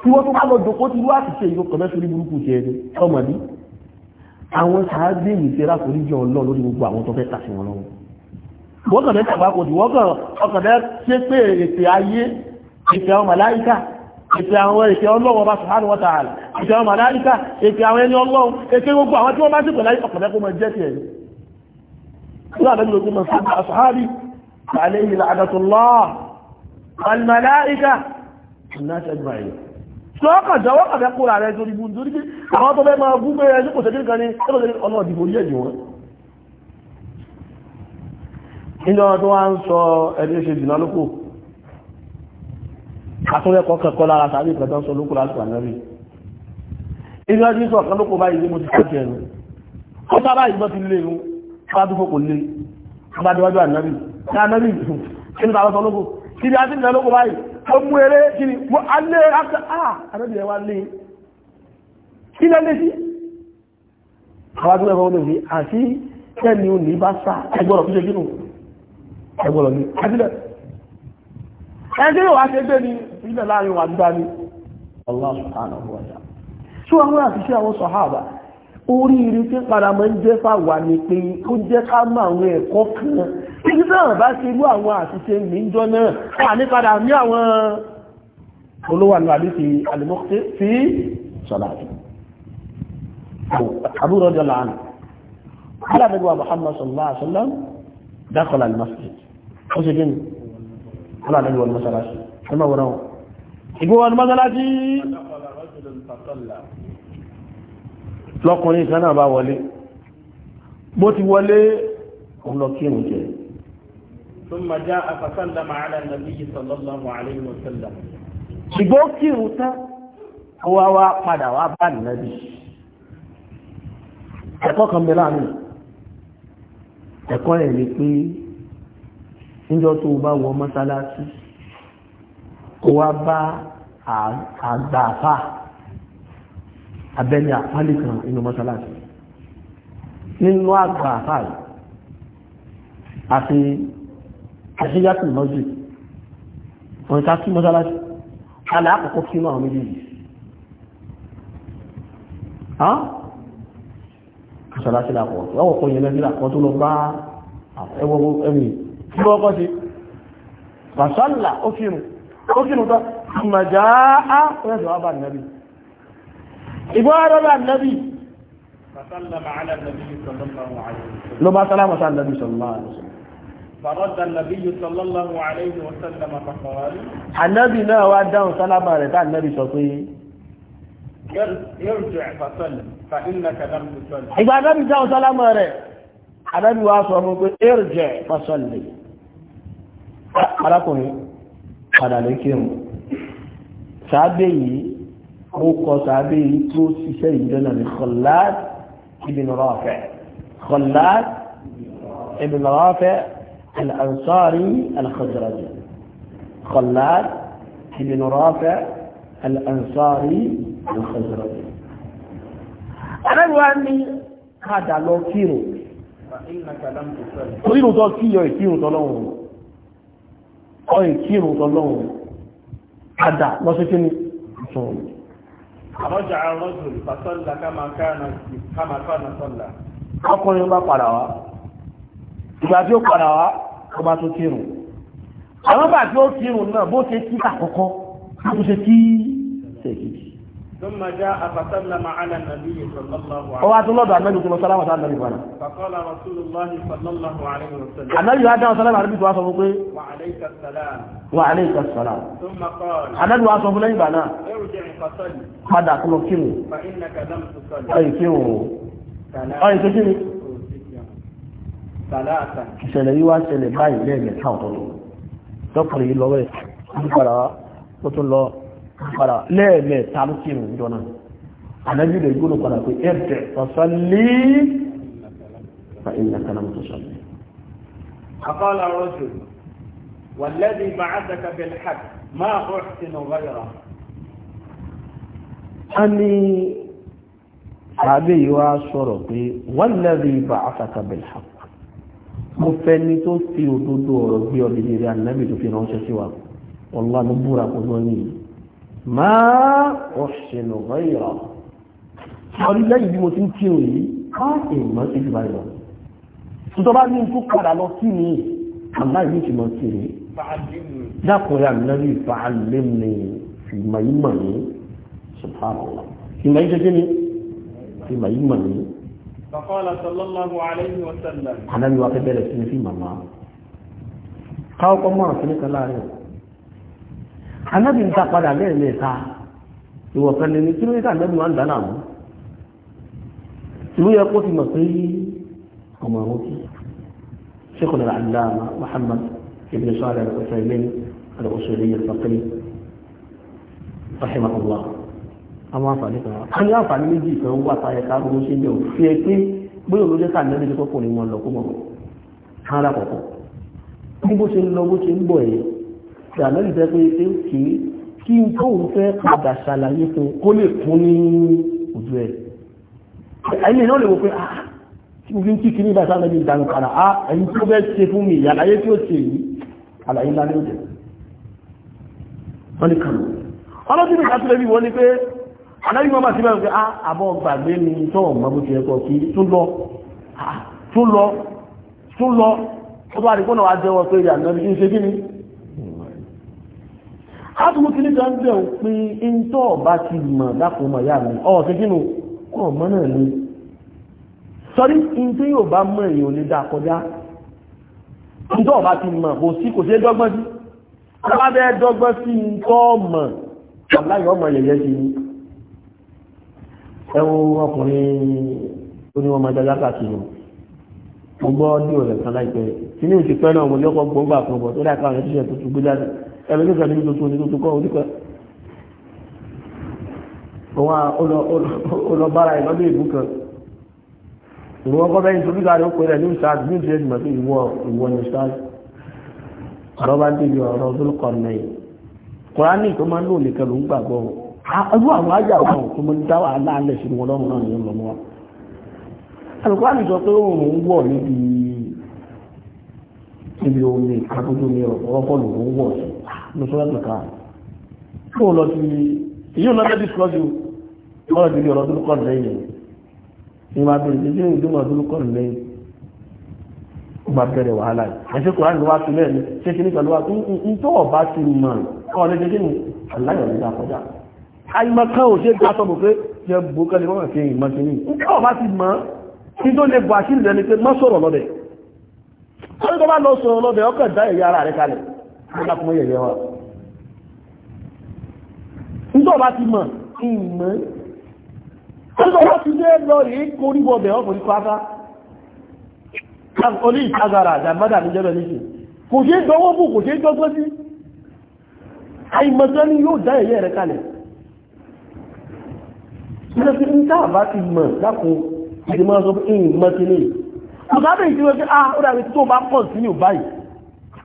tí wọ́n tó bá lọ jòkó ti rú àṣìṣe ìlú kọ̀mẹ́sì orí burúkú ti ẹni ọmọdé àwọn sàábé ìfẹ́ra kò níjọ lọ lórí gbogbo àwọn tó fẹ́ tàṣí wọn lọ́wọ́ wọ́kànlẹ́ tàbákò tí wọ́kànlẹ́ ṣe pé ètè ayé ìfẹ́ àwọn màláíkà ìfẹ́ àwọn ìfẹ́ ọlọ́wọ́ bá subhanahu wa ta'ala ìfẹ́ àwọn màláíkà ìfẹ́ àwọn ẹni ọlọ́wọ́ ètè gbogbo lọ́kàn jọwọ́ kàfẹ́ kóra rẹ̀ sórí bú nítorí àwọn tó fẹ́ máa bú pé ẹjú kò sẹ́kẹ́ kan ní ẹgbẹ̀rẹ̀ ọlọ́dìbò yẹ̀ jù wọ́n níjọ́ tó wá ń sọ ẹni ṣe jùlọ lókò àtúnrẹ́kọ́ kẹ́kọ́ lára tàbí ìpẹ̀tọ́ sọ lókò láti wà lẹ́rí ìjọ́ tí sọ kan lókò báyìí mo ti kọ́kẹ́ ẹ̀rù ó sábà ìgbọ́ ti lé ìrún fábífò kò lé abájọ́wájú ànábì ó mú eré kí ni mo alẹ́ after ah àrẹ́bì ẹwà lè kí lẹ́lẹ́ sí àwọn tó lẹ́fọ́ lórí àti kẹ́ni ò ní bá sá ẹgbọ́rọ̀ tó ṣe kínú ẹgbọ́rọ̀ ní àtìlẹ̀ ẹgbẹ́ yóò wá ṣe gbé ní ilẹ̀ láàrin wà gbá ní Allah subhanahu wa oríire tí padà máa ń jẹ́ fàwà ní pé ó jẹ́ ká mọ àwọn ẹ̀kọ́ kan títí náà bá ṣe irú àwọn àṣìṣe níjọ́ náà wà ní padà ní àwọn olówó àlọ́ àbí fi àlùmọ́kẹ́ fi sọ̀lá àbúrò ọjọ́ làánà alábẹ́gbẹ́ wa Muhammad sallallahu alaihi wasallam dákọ̀lá lọ́kùnrin kan náà bá wọlé bó ti wọlé òun lọ ثم جاء فسلم على النبي صلى الله عليه وسلم ṣùgbọ́n kírun tán wá wá padà wá bá nìlẹ́bí ẹ̀kọ́ kan bẹ láàrin ẹ̀kọ́ ẹ̀ ni pé níjọ́ tó bá wọ mọ́sálásí kó wá bá àgbàfà abẹ́lé àpálì kan inú mọ́sálásí nínú àgbà àfáàrí àti àṣíyàtì mọ́sí ọ̀nà kí mọ́sálásí alẹ́ àkọ́kọ́ kí náà méjèèjì mọ́sálásí làpọ̀ lọ́wọ́ kọ́ yẹn lẹ́gbẹ̀ẹ́ àkọ́ tó lọ bá ẹwọ́ ẹ̀mí tí wọ́n kọ́ sí fàṣọ́là ó kírun ó kírun tó mọ̀já á ó yẹ ìbọ́rọ̀ ànábì ló bá sálámà sáà nàbí sallallahu alaihi wasallam فرد النبي صلى الله عليه وسلم فقال النبي لا وداه سلام على النبي صلى الله عليه وسلم يرجع فسلم فإنك لم تسلم إذا النبي جاء سلام عليه النبي واسوه ارجع فسلم arákùnrin padà lè kírun sáábé yìí موقع تابعي تروس في شيء جنب خلاد ابن رافع خلاد ابن رافع الأنصاري الخزرج خلاد ابن رافع الأنصاري الخزرج أنا أني هذا لو كيرو كيرو دو كيرو كيرو دو كيرو دو كيرو دو كيرو دو كيرو دو كيرو àrọ́jà arọ́jò ìfàsọ́lá kàmàkánà sọ́lá ọkùnrin bá padà wá ìgbà tí ó padà wá ó bá tó kírun àwọn bá tí ó kírun náà bó ṣe kí àkọ́kọ́ bó ṣe kí ṣèkìtì ثم جاء فسلم على النبي صلى الله عليه وسلم. هو الله على النبي صلى الله عليه وسلم. فقال رسول الله صلى الله عليه وسلم. النبي هذا وسلم على النبي صلى الله عليه وسلم. وعليك السلام. وعليك السلام. ثم قال. النبي صلى الله عليه وسلم. ارجع فصل. هذا كله كيمو. فإنك لم تصل. أي كيمو. أي كيمو. ثلاثا ìṣẹ̀lẹ̀ yìí باي لين báyìí lẹ́yìn ẹ̀ka ọ̀tọ̀ lọ. dọ́kùnrin yìí padà lẹ́ẹ̀mẹ́ta ló kí ìrùn jọ náà ànábì rẹ̀ gbọ́dọ̀ padà pé ẹ̀tẹ̀ fasalli fa innaka lam tusalli. àkọọ́lá rọ́jò wàlẹ́bí ba'athaka bilhaq máa bọ́ sínú ghayra. a ní àbí yóò sọ̀rọ̀ pé wàlẹ́bí ba'athaka bilhaq mo fẹ́ ní tó fi òdodo ọ̀rọ̀ gbé ọ̀dẹ̀dẹ̀ rẹ̀ ànábì máa ọ̀ṣẹ̀nù báyìí ọ̀rí lẹ́yìn bí mo ti ń kí o yìí ká èèmọ̀ sí ti báyìí lọ tuntun bá ní ikú padà lọ sí ni àmà yìí ti mọ̀ sí ni dákun ya nàbí fàálẹ́ mi ìmọ̀ yìí mọ̀ ní subhanallah ìmọ̀ yìí tẹ́tẹ́ ni ìmọ̀ yìí mọ̀ ní. Fàkọ́lá sallallahu alayhi wa sallam. Ànábi wa fẹ́ bẹ̀rẹ̀ anábì ń ta padà lẹ́ẹ̀mẹ́ta ìwọ̀kan lè ní kí ló ń ká anábì máa ń dáná mú ìlú yẹ kó fi mọ̀ pé ọmọ àwọn kí ṣékùn náà àdáàmà Muhammad ibn sọ́ọ̀lẹ̀ ọ̀sẹ̀ ilé alùsùlẹ̀ yẹ fàkìlì rahimahullah àwọn àǹfààní kan wá ní àǹfààní méjì kan wà táyẹ káàrù ló ṣe ń bẹ̀rù fi ẹ pé bóyá olóṣẹ́ ká nẹ́bí ní kọ́kọ́ ni wọn lọ kó mọ̀ wọn rárá bó ṣe ń lọ bó ṣe ń bọ̀ yìí ìyàlẹ́lì fẹ́ pé pé ó kì í kí n tó ń fẹ́ padà ṣàlàyé fún kó lè kún ní ojú ẹ̀ ẹni náà lè wò pé ah tí mo fi ń kíkiri bá sáré ní ìdánù padà ah ẹni tó fẹ́ ṣe fún mi ìyàlàyé tí ó ṣe yìí àlàyé ńlá ní òjò wọ́n ní kàlù ọlọ́dún ní kàtúrẹ́ bí wọ́n ní pé anáyí mọ́mà sí mẹ́rin pé ah àbọ̀ gbàgbé mi tó ọmọ bó ti yẹ kọ́ kí tún lọ ah, tún lọ tún lọ ó bá rí kó náà wá jẹ́wọ́ pé ìyàlẹ́ ń ṣe kí ni átùmù kìíní kan bẹ̀ ń pé ń tọ́ ọ̀bá ti mọ̀ dákùn mọ̀ yá mi ọ̀ ṣe kínú kọ̀ mọ́ náà ni sọrí ń tí yóò bá mọ̀ èèyàn lè dá kọjá ń tọ́ ọ̀bá ti mọ̀ kò sí kò ṣe dọ́gbọ́n sí alábẹ́ dọ́gbọ́n sí ń tọ́ mọ̀ aláyọ̀ ọmọ yẹ̀yẹ́ sí ni ẹwọ ọkùnrin oníwọ̀n máa jájá káàkiri mo gbọ́ ní ọ̀rẹ́ kan láìpẹ́ kí ní náà mo lọ́kọ̀ gbọ́ngbà kan bọ̀ tó dáa ẹlẹ́gbẹ̀ẹ́ níbi tuntun ní tuntun kọ́ oníkọ́ wọn olọbára ìlọ́dún ìbú kan ìwọ́n kọ́ bẹ́yìn tóbi láàrin òkú rẹ̀ ní ìṣáàdì ní ìṣẹ́ ìgbà tó ìwọ ìwọ ní ìṣáàdì ọ̀rọ̀ bá débi ọ̀rọ̀ tó kọ̀ mẹ́yìn kùránì tó máa ń lò nìkan ló ń gbàgbọ́ ọdún àwọn ajá wọn tó máa ń dá wàhálà alẹ́ sí wọn lọ́rùn náà ní ọmọ wa alùpùpù sọ pé òun ń wọ̀ níbi ibi omi àtúntò mi ọ̀rọ̀ pọ̀ lòun ń wọ̀ sí lọ́sọ́rọ́ nìkan kó lọ sí èyí ò lọ́dẹ́ discourse yìí lọ́rọ̀ jùlọ ọ̀rọ̀ dúró kọ́ lẹ́yìn ní máa bẹ̀rẹ̀ sí ìdí ìdúmọ̀ dúró kọ́ lẹ́yìn ó máa bẹ̀rẹ̀ wàhálà yìí àti kò láti wá sílẹ̀ ní ṣé kí ní pẹ̀lú wa ń tọ́ ọ̀bá ti mọ̀ ọ̀ lẹ́jẹ́ kí ni aláyọ̀ nígbà kọjá àìmọ̀kan ò ṣe gbá sọ́bù pé jẹ gbókẹ́ lè mọ́wàá fi ọ̀dá fún yẹ̀yẹ̀ wa nítorí ọba ti mọ̀ ìmọ̀ nítorí ọba ti dé lọ rí korí bọ̀bẹ̀ ọkùnrin pátá orí ìtagara àjàmọ́dà ní jẹ́bẹ̀ níṣẹ́ kò ṣe dọwọ́ bù kò ṣe dọ́gbọ́ sí àìmọ̀tán ni yóò dá ẹ̀yẹ rẹ̀ kalẹ̀ ilẹ̀ fi ń tá àbá ti mọ̀ lákùn ìdí máa sọ pé ìmọ̀ ti ní ah ó dàbí tó bá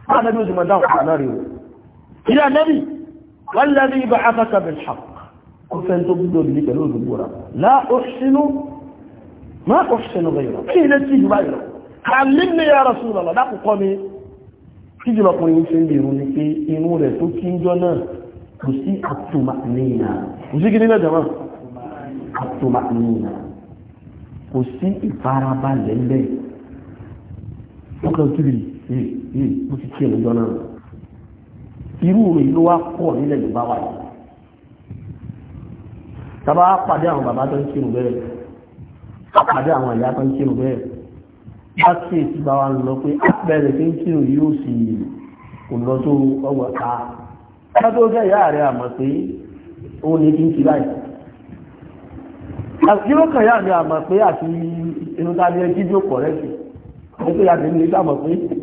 máa nẹ́bí oṣù mọ̀dá ọ̀pá náà rí o ilé nẹ́bí wọ́n lẹ́bí ibà afẹ́ta bẹ̀rẹ̀ ṣàp kó fẹ́ tó gbúdọ̀ bí pẹ̀lú òdòdó rà láà ó sínú máa ó sínú bẹ̀rẹ̀ rà kí ilé tí ìjùbá yìí rà kàlí mi yà rà sùn lọ́lọ́ dákòókò kò sí ìfarabalẹ̀ lẹ̀ wọ́n kàn kiri yìí hmm, yìí hmm, ti tiẹ̀ lójọ́ náà irú rẹ̀ ló wá pọ̀ nílẹ̀ yorùbá wa yìí tábà pàdé àwọn bàbá tó ń kírun bẹ́ẹ̀ pàdé àwọn ìyá tó ń bẹ́ẹ̀ bá wa lọ pé tó ń yóò sì kò lọ tó ká ká tó jẹ́ ìyá rẹ̀ àmọ́ pé ó ní kí n báyìí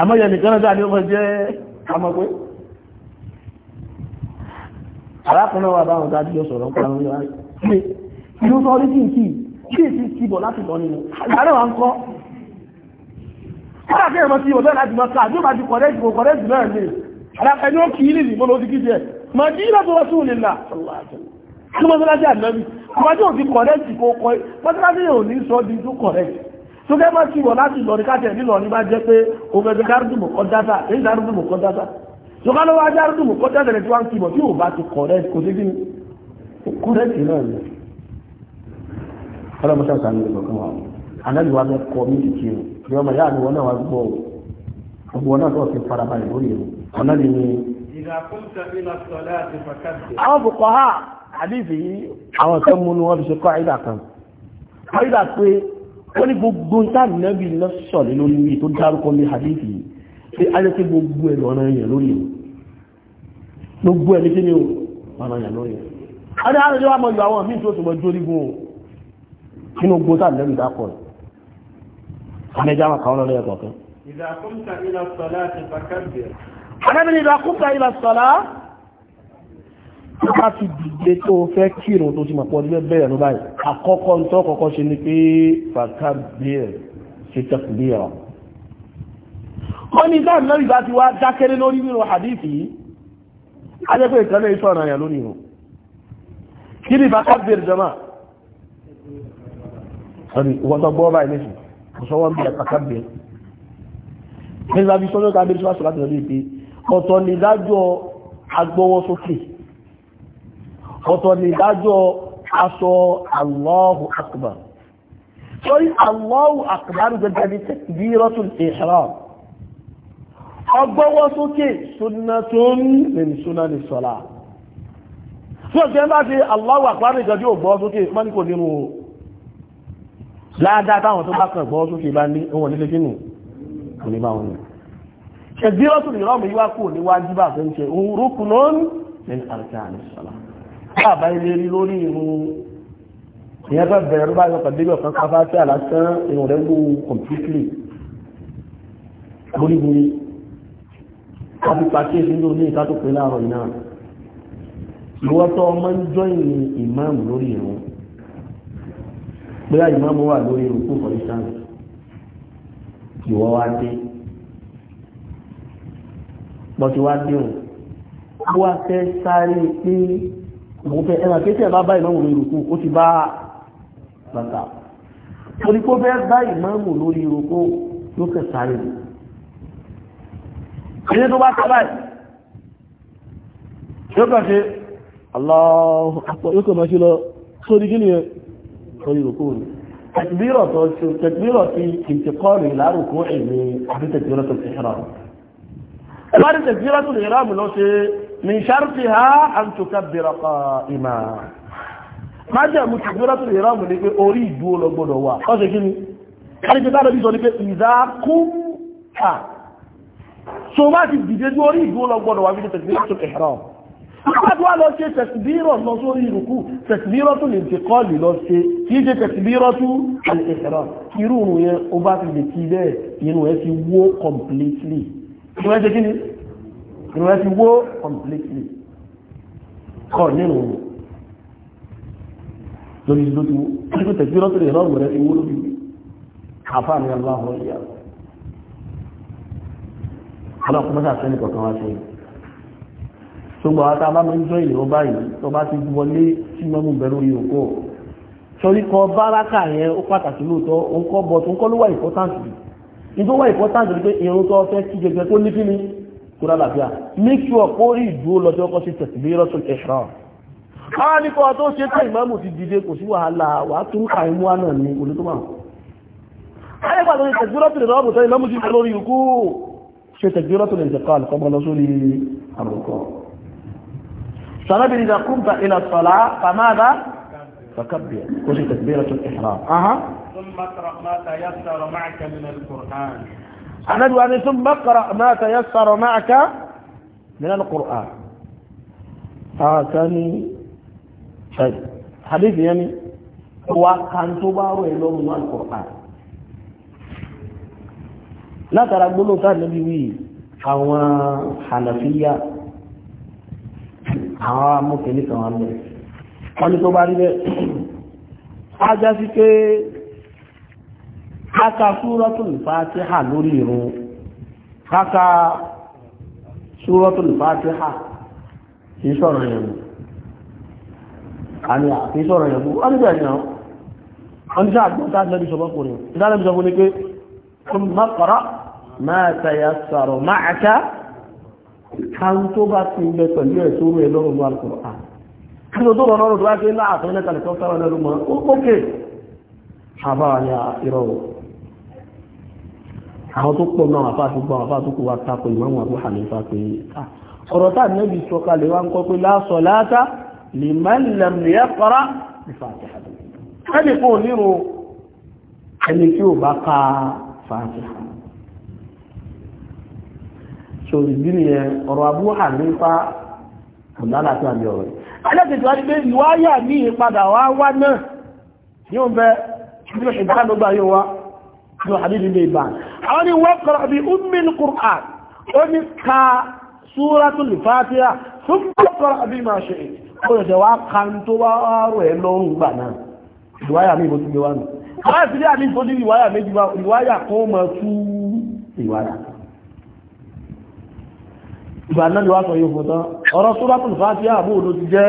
àmọ́ yẹn nìkan náà sáà ní ọmọ jẹ́ àmọ́ pé arákùnrin wà báwọn dájú yóò sọ̀rọ̀ nípa àwọn yàrá ilé ìlú sọ orí sí ìkí kí èsì ti bọ̀ láti lọ nínú àgbàdo wa ń kọ́ kọ́dà kí ẹ̀rọ ti ọ̀dọ́ láti mọ ká àdúrà ti kọ̀rẹ́ ìdìbò kọ̀rẹ́ ìdìbò náà lè alákẹ́ni ó kì í nìyí bó kí jẹ mà jí iná tó wọ́n ní sọ́ di tó tó kẹ́ máa ti wọ̀ láti lọ ní káṣẹ̀ nílọ ní bá jẹ́ pé o fẹ́ dárúdùmù kọ́ dáta èyí dárúdùmù kọ́ dáta tó ká ló wá dárúdùmù kọ́ dáta rẹ̀ tí wọ́n ń kìbọ̀ tí ò bá ti correct kò sí kí ni correct náà ni ọlọ́mọ sáà sàmì ìgbọ̀ kan wà ó anáàlú wa mẹ́ kọ́ mí ti kí o bí ọmọ yáà ni wọn náà wá gbọ́ o ọgbọ náà tó kan mú ni wọ́n ní gbogbo ìtànàbí lọ́sọ̀lẹ̀ lórí wí tó dárúkọ ní hadithi pé alẹ́kẹ́ gbogbo ẹ̀ lọ́nà èèyàn lórí ẹ̀ gbogbo ẹ̀ lékẹ́ ní ọ̀nà èèyàn lórí ẹ̀ adé àrẹ wà mọ̀ yọ àwọn míì bá ti dìde tó fẹ́ kírun tó ti mọ̀ pọ̀ nílẹ̀ bẹ̀rẹ̀ lọ́ba yìí àkọ́kọ́ ń tọ́ kọ́kọ́ ṣe ni pé fàkà bẹ́ẹ̀ ṣe tẹ̀kùlé ọ̀. wọ́n ní sáà náà ìgbà tí wá dákẹ́rẹ́ lórí nínú hadithi yìí ajẹ́pẹ́ ìtẹ́lẹ̀ iṣẹ́ ọ̀nà yẹn lónìí o kí ni fàkà bẹ́ẹ̀ jama sọ́ni wọ́n tó gbọ́ báyìí nísìn kò sọ wọ́n bẹ́ẹ̀ fàkà bẹ́ẹ̀ nígbà bí sọ́jọ́ ká bẹ́ẹ̀ sọ́jọ́ ká bẹ́ẹ̀ sọ́jọ́ ọ̀tọ̀ nídájọ́ agbọ́wọ́ sókè ọ̀tọ̀ ni ìdájọ́ aṣọ Allahu Akbar sọ́rí Allahu Akbar gẹ́gẹ́ bí takbiratul ihram ọgbọ́wọ́ sókè sunnatun min sunani sọ́lá tí ó jẹ́ bá ti Allahu Akbar ìjọjú ògbọ́ sókè wọ́n ní kò nínú o láàdá táwọn tó bá kàn gbọ́ sókè bá ní ohun nílé kínú kò ní bá wọn ní takbiratul ihram yíwá kò níwájú bá fẹ́ ń ṣe òun rúkùnún min arkani sọ́lá bàbá ilé rí lórí ìrun ìyẹn bá bẹ̀rẹ̀ ló bá yọ pẹ̀lú ọ̀kan káfá tí àlásán ìrun rẹ̀ wó completely lórí ìrun yìí wọ́n ti pàkíyèsí ní oní ìta tó pé láàárọ̀ iná ìwọ́tọ́ ọmọ ń jọ́yìn ìmáàmù lórí ìrun pé ìmáàmù wà lórí ìrun fún kọ̀ọ̀ṣán ìwọ́ wá dé bọ́tí wá dé òun wá fẹ́ sáré pé òun fẹ́ ẹran kéṣẹ́ ẹ̀ bá bá ìmọ̀mù lórí ìrókò ó ti bá bàtà torí kó fẹ́ bá ìmọ̀mù lórí ìrókò ló kẹ̀ sáré ni ilé tó bá sábà yóò kàn ṣe aláwọ̀ àpọ̀ yóò kàn máa ṣe lọ sórí kí ni ẹ sórí ìrókò ni tẹ̀gbírọ̀ tó ṣe tẹ̀gbírọ̀ ti ìtìkọ́rì lárúkú ẹ̀mí àti tẹ̀gbírọ̀ tó ti ṣẹ́ra ẹ̀ min shartiha an tukabbira qa'ima májẹ̀mú takbiratul ihram ní pé orí ìdúró lọ gbọ́dọ̀ wà ọ́sẹ̀ kí ni kárìkítà lọ́bí sọ ní pé ìzákúta so má ti dìde ní orí ìdúró lọ wà ní takbiratul ihram láti wá lọ ṣe tẹ̀sìbírọ̀ lọ sórí ìrùkú tẹ̀sìbírọ̀tún lè ti kọ́ọ̀lì lọ ṣe kí í ṣe tẹ̀sìbírọ̀tún al-ihram irú òun yẹn ó bá ti lè ti bẹ́ẹ̀ inú ẹ ti wó completely inú ẹ ṣe kí ni ìrìn ti wó completely kọ́ nínú wọn lórí ló ti wó kí ló tẹ̀sí lọ́tọ̀ ìrọ̀ rẹ̀ ti wó lórí àfa mi aláhùn ìyá ọlọ́pàá mọ́sá sẹ́ni kọ̀ọ̀kan wá sẹ́yìn gbogbo àwọn tàbá mọ́ ìjọ ìlú báyìí tó bá ti wọlé tí wọ́n mú bẹ̀rù yìí òkú sórí kan báràkà yẹn ó pàtàkì lóòótọ́ ó ń kọ́ bọ̀ tó ń kọ́ ló wà ìfọ́tàǹtì ní wà ìfọ́tàǹtì pé irun tó fẹ́ kí gẹ́gẹ́ tó ní kíni kúrò àlàáfíà make sure kó rí ìdúró lọ́jọ́ kọ́ sí takbiratul ihram a ní kọ́ tó ṣe tẹ́ ìmáàmù ti dìde kò sí wàhálà wà tún àìmú àná ní olùtọ́mà anábì wa ní thumma qra' ma tayassara ma'aka min al-Qur'an àtàní hadith yẹn ni wa kan tó bá rọ̀ ẹ̀ lọ́rùn ní al-Qur'an látara gbólóta níbi wí àwọn hànàfíyà àwọn kaka súrọ́tùl fàtíhà lórí ìrun kaka súrọ́tùl fàtíhà kìí sọ̀rọ̀ ẹ̀mù àní àkìí sọ̀rọ̀ ẹ̀mù wọ́n ní bẹ̀rẹ̀ náà wọ́n ní sáàgbọ́ta lẹ́bí sọpọ́kùnrin ìdálẹ́bí sọpọ́ ní pé kún mọ́kọ̀rọ̀ máa tẹ̀yà sọ̀rọ̀ máa ká kan tó bá ti ń bẹ pẹ̀lú ẹ̀ tó rú ẹ lọ́rùn alùpùpù kí ló tó rọ̀ lọ́rùn tó wá sí láàtọ́ nẹ́tàlẹ́tọ́ sára lẹ́rù mọ́ ókè àbáwá ni ìrọ̀rùn àwọn tó pọ̀ náà àfáà tó gbọ́ àwọn àfáà tó kù wá tako ìmáàmù Abu Hanifa pé ah, ọ̀rọ̀ tá nẹ́bi sọ̀kalẹ̀ wá ń kọ́ pé la salata liman lam yaqra bi Fatiha ẹnì kan ò nírun ẹni tí ò bá ka Fatiha sori bí nìyẹn ọ̀rọ̀ Abu Hanifa ọ̀dálà tí a bí àwọn ni wọ́n kọ̀rọ̀ bí ummi al-Qur'an ó ní ka Suratul Fatiha fún kọ̀rọ̀ bí máa ṣe ó yẹ̀ wá kan tó wá rọ̀ ẹ lọ́rùn gbà náà ìwáyà mi ìbòtú gbé wá nù àwọn ìfìdí àmì ìbòtú ìwáyà méjì bá ìwáyà kan máa tú ìwáyà ìgbà náà ni wá sọ ọ̀rọ̀ Suratul Fatiha àbúrò ló ti jẹ́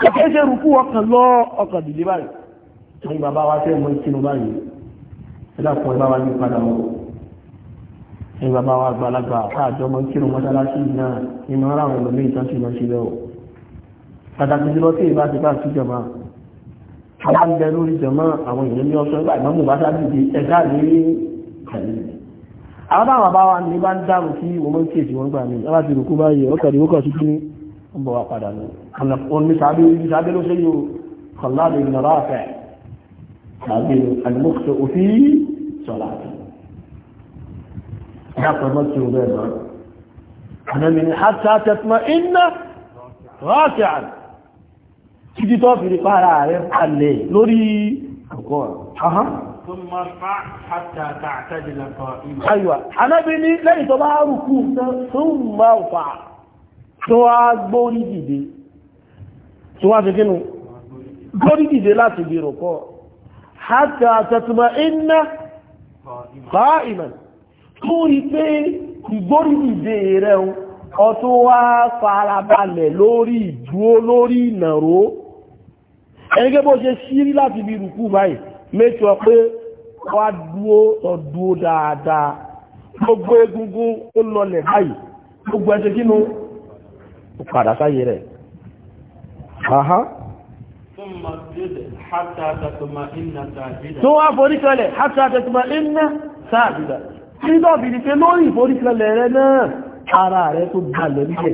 kìí ṣe rùkú ọkàn lọ ọkàn dìde báyìí ní bàbá wa tẹ́ mọ́ ìkínú báyìí ẹ̀dá kan ẹ̀ bá wa ní padà wọ̀ ní bàbá wa àgbàlagbà káàjọ mọ́ ìkínú mọ́sálásí náà ní máa ń ráwọn ẹlòmíì tán sì lọ sí lẹ́wọ̀ pàtàkì jùlọ tí ìbá ti bá sí jọba àwọn ń bẹ lórí jọmọ àwọn èèyàn ní ọsọ ìgbà ìmọ̀mù bá sá dìde ẹ̀dá ní kàlẹ́ àwọn báwọn bá wa ní bá ń dárò sí wọn mọ́ ìkéèsì wọn gbà mí ń bọ̀ wá padà ní oníṣàbí oníṣàbí ló ṣe yóò kọ̀láàdì ìrìnà ráfẹ́ tàbí àdìmọ́kùsọ òfin sọ̀lá yàtọ̀ mọ́ tí ó bẹ́ẹ̀ mọ́ àdàmì ni hátà tẹ̀tùmọ̀ iná ráfẹ́ àná títí tó fi rí para rẹ̀ balẹ̀ lórí ọkọ̀ ọ̀hán Ayọ̀, anábi ní lẹ́yìn tó bá rùkú tó ń bá ọ̀fà tó wá gbórí dìde tó wá fi kínú gbórí dìde láti bí rọ̀pọ̀ hátà àtàtùmọ̀ iná bá ìmọ̀ tó rí pé ìgbórí dìde rẹ̀ ọ̀tún wá farabalẹ̀ lórí ìdúó lórí ìnàró ẹgbẹ́ bó ṣe sírí láti bí rùkú báyìí mẹ́tọ́ pé wá dúó ọdúó dáadáa gbogbo egungun ó lọlẹ̀ báyìí gbogbo ẹsẹ̀ kínú ó padà sáyé rẹ̀ ahá tó wá foríkẹlẹ̀ hátà tẹ̀tùmà iná sáàbìdà nígbà bìí pé lórí ìforíkẹlẹ̀ rẹ̀ náà ara rẹ̀ tó balẹ̀ nígbẹ̀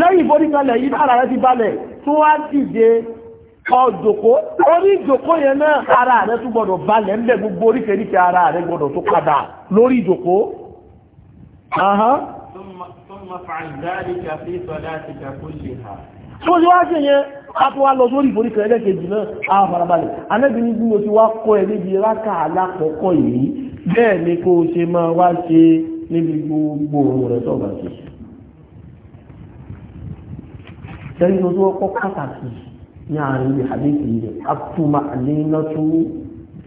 lẹ́yìn ìforíkẹlẹ̀ yìí ara rẹ̀ ti balẹ̀ tó wá dìde ọjọ́kó orí ìjòkó yẹn náà ara rẹ tún gbọdọ̀ balẹ̀ ńlẹ̀ gbogbo oríkèríkè ara rẹ gbọdọ̀ tó padà lórí ìjòkó tí ó yíwá ṣe yẹn a tó wá lọ sórí ìforíkẹ̀ ẹlẹ́kẹ̀ẹ́jì náà a farabalẹ̀ anẹ́bìnrin bí mo ti wá kọ́ ẹ níbi rákà alákọ̀ọ́kọ́ yìí bẹ́ẹ̀ ni kó ṣe máa wá ṣe níbi gbogbo ohun rẹ̀ tọ́gbà ṣe ní àárín ibi hadithi yìí atuma alinatu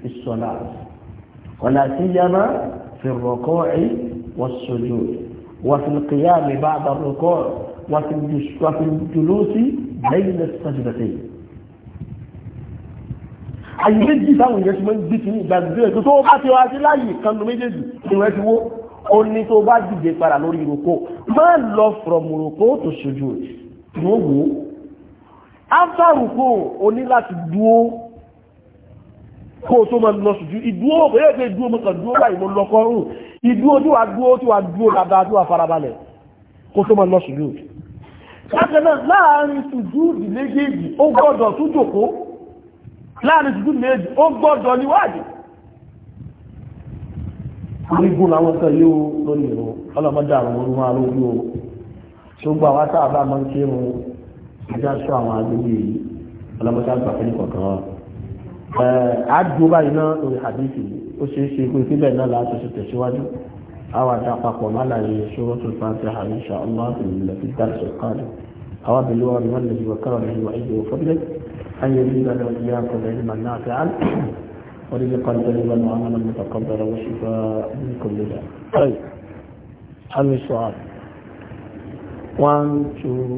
fi sọlá wàlá sí yaba fi rọkọ́ọ̀ì wàsójú wàfi kìyàmì bá bá rọkọ́ọ̀ wàfi jùlọ́sí lẹ́yìn sàjìdàtẹ́ àyè méjì táwọn ìyẹn ti máa ń gbé kí ní ìgbà gbé ẹ̀ tó bá ti wá sí láàyè kan ló méjèèjì ìwẹ́ ti wó ó ní tó bá dìde padà lórí ìrókò má lọ from ìrókò tó ṣojú ìwọ́n wò ó after ruku o ní láti dúó kó o tó máa lọ sùjú ìdúó bẹ́ẹ̀ pé dúó mọ́kàn dúó láì mọ́ lọ́kọ́rùn ìdúó tí wà dúó tí wà dúó dáadáa tí wà farabalẹ̀ kó tó máa lọ sùjú lákanáà láàrin sùjú ìlégéjì ó gbọ́dọ̀ tún jòkó láàrin sùjú ìlégéjì ó gbọ́dọ̀ níwájú orígun làwọn kan yóò lónìí o ọlọ́mọdé àrùn orúmọ́ alójú o ṣùgbọ́n àwọn sáà bá máa ń kírun ajá sọ àwọn agbègbè yìí ọlọ́mọdé àgbà fún ìkọ̀kan wa. àádùn báyìí náà lórí àdéhùn ó ṣeé ṣe pé síbẹ̀ náà láti ṣe tẹ̀síwájú àwọn àdàpapọ̀ málàyé suratul Fatiha insha Allah fi dárẹ́sì káàdì àwọn abìlú wa ni wọ́n lè wọ káwọn ẹ̀yìn wa ìdíwọ̀ fọ́lẹ̀ ayé ní ìgbàlẹ̀ ọ̀dẹ́ àkọlẹ̀ ìmọ̀ náà fi hàn ورزقا طيبا وعملا من كل داء. طيب. هل السؤال؟ 1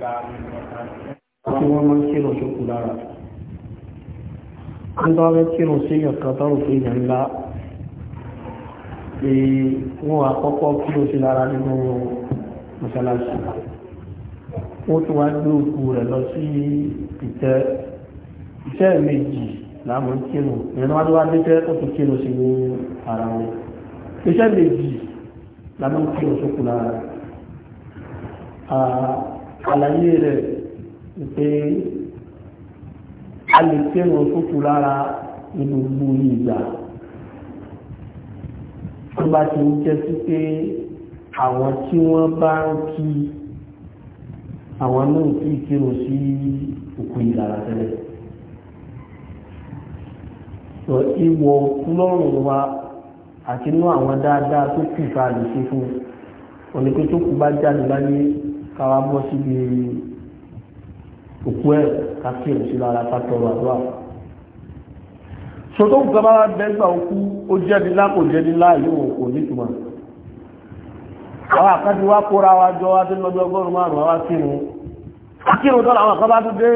tí wọ́n máa ń kírun tó kù lára ń bá wẹ́ kírun sí ẹ̀kan tọ́rọ pé èèyàn ńlá pé wọ́n àkọ́kọ́ kírun sí lára nínú mọ́ṣáláṣí wọ́n tún wá gbé òkú rẹ̀ lọ sí ìtẹ́ iṣẹ́ méjì láàmú kírun ìrìn wájú wá níṣẹ́ tó tún kírun sí ní ara wọn iṣẹ́ méjì láàmú kírun sókù lára ah, àlàyé rẹ̀ pé a lè kírun sókù lára ní gbogbo ìgbà tó bá ti ń jẹ́ sí pé àwọn tí wọ́n bá ń kí àwọn náà kí kírun sí òkú ìlara tẹ́lẹ̀ sọ ìwọ̀ lọ́rùn wa àti inú àwọn dáadáa tó kù ká lè ṣe fún onípe tó kù bá jáde láyé káwá bọ́ síbi òkú ẹ̀ káfíìn sí lára pátọ́rọ àdúrà sọ́tọ́ nǹkan bá bẹ́gbà òkú ó jẹ́ni lá kò jẹ́ni lá yóò kò nítumọ̀ àwọn àkájú wá kóra wa jọ wá tí lọ́jọ́ ọgọ́rùn márùn-ún wá kírun kírun tọ́lá àwọn àkábá tó dé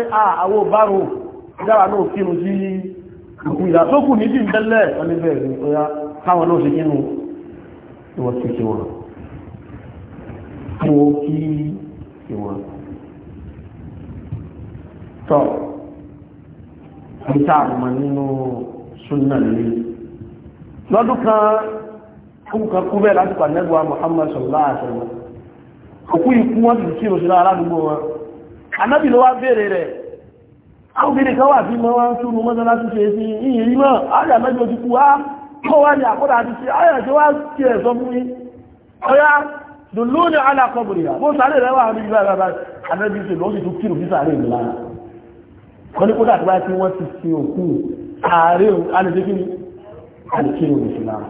tiwọn. tọ́ níta àmọ́ nínú súnà lè lọ́dún kan kúkà kú bẹ́ẹ̀ láti Muhammad òkú ikú wọn òṣèlú aládùúgbò wọn anábì ló wá béèrè rẹ̀ àwọn dùlúni alákọ̀bùrìyà bó sáré rẹ̀ wà ní ìlú àgbàbà anábíṣẹ́ lọ́sí tó kírù sí sáré ìlú lára wọ́n ní kó dàtí bá tí wọ́n ti fi òkú ààrẹ alìdíkìní alìkírù sí lára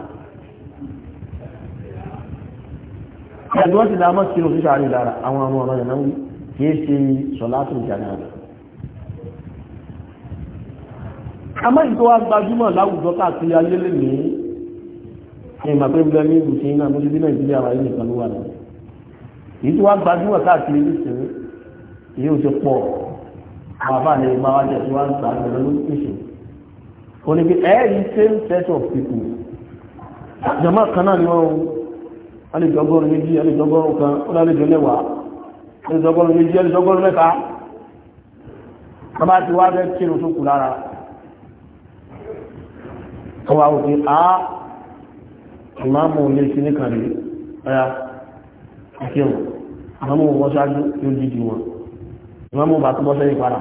ẹ̀dùn wọ́n ti dámọ́ kírù sí sáré lára àwọn ọmọ ọ̀rọ̀ ìnáwó kìí ṣe sọ̀látù ìjànà rẹ̀ àmọ́ ìtò wa gbajúmọ̀ láwùjọ káàkiri ayé lè ní ìgbà pé ń bẹ ní ìbùsùn náà mo ti bí nàìjíríà wáyé nìkan ló wà náà èyí tí wọ́n gbajúmọ̀ káàkiri nísìnyí èyí ò ti pọ̀ àwọn àbáàlẹ̀ ìgbà wa jẹ́ tí wọ́n gbà lọ́dọ̀ lóṣù ó ní bí ẹ̀ẹ́rì same set of people jama kan náà ni wọ́n alìjọgọ́rùn méjì alìjọgọ́rùn kan ó lálejò lẹ́wàá alìjọgọ́rùn méjì alìjọgọ́rùn mẹ́ta bàbá ti wá bẹ́ kírun tó kù lára ọwà òfin a ìmáàmù lè sí ní kàrí ọ̀yà àkíyàn àwọn ọmọ wọn ṣáájú yóò dídì wọn ìwọ́n mú bàtú bọ́sẹ̀ yìí padà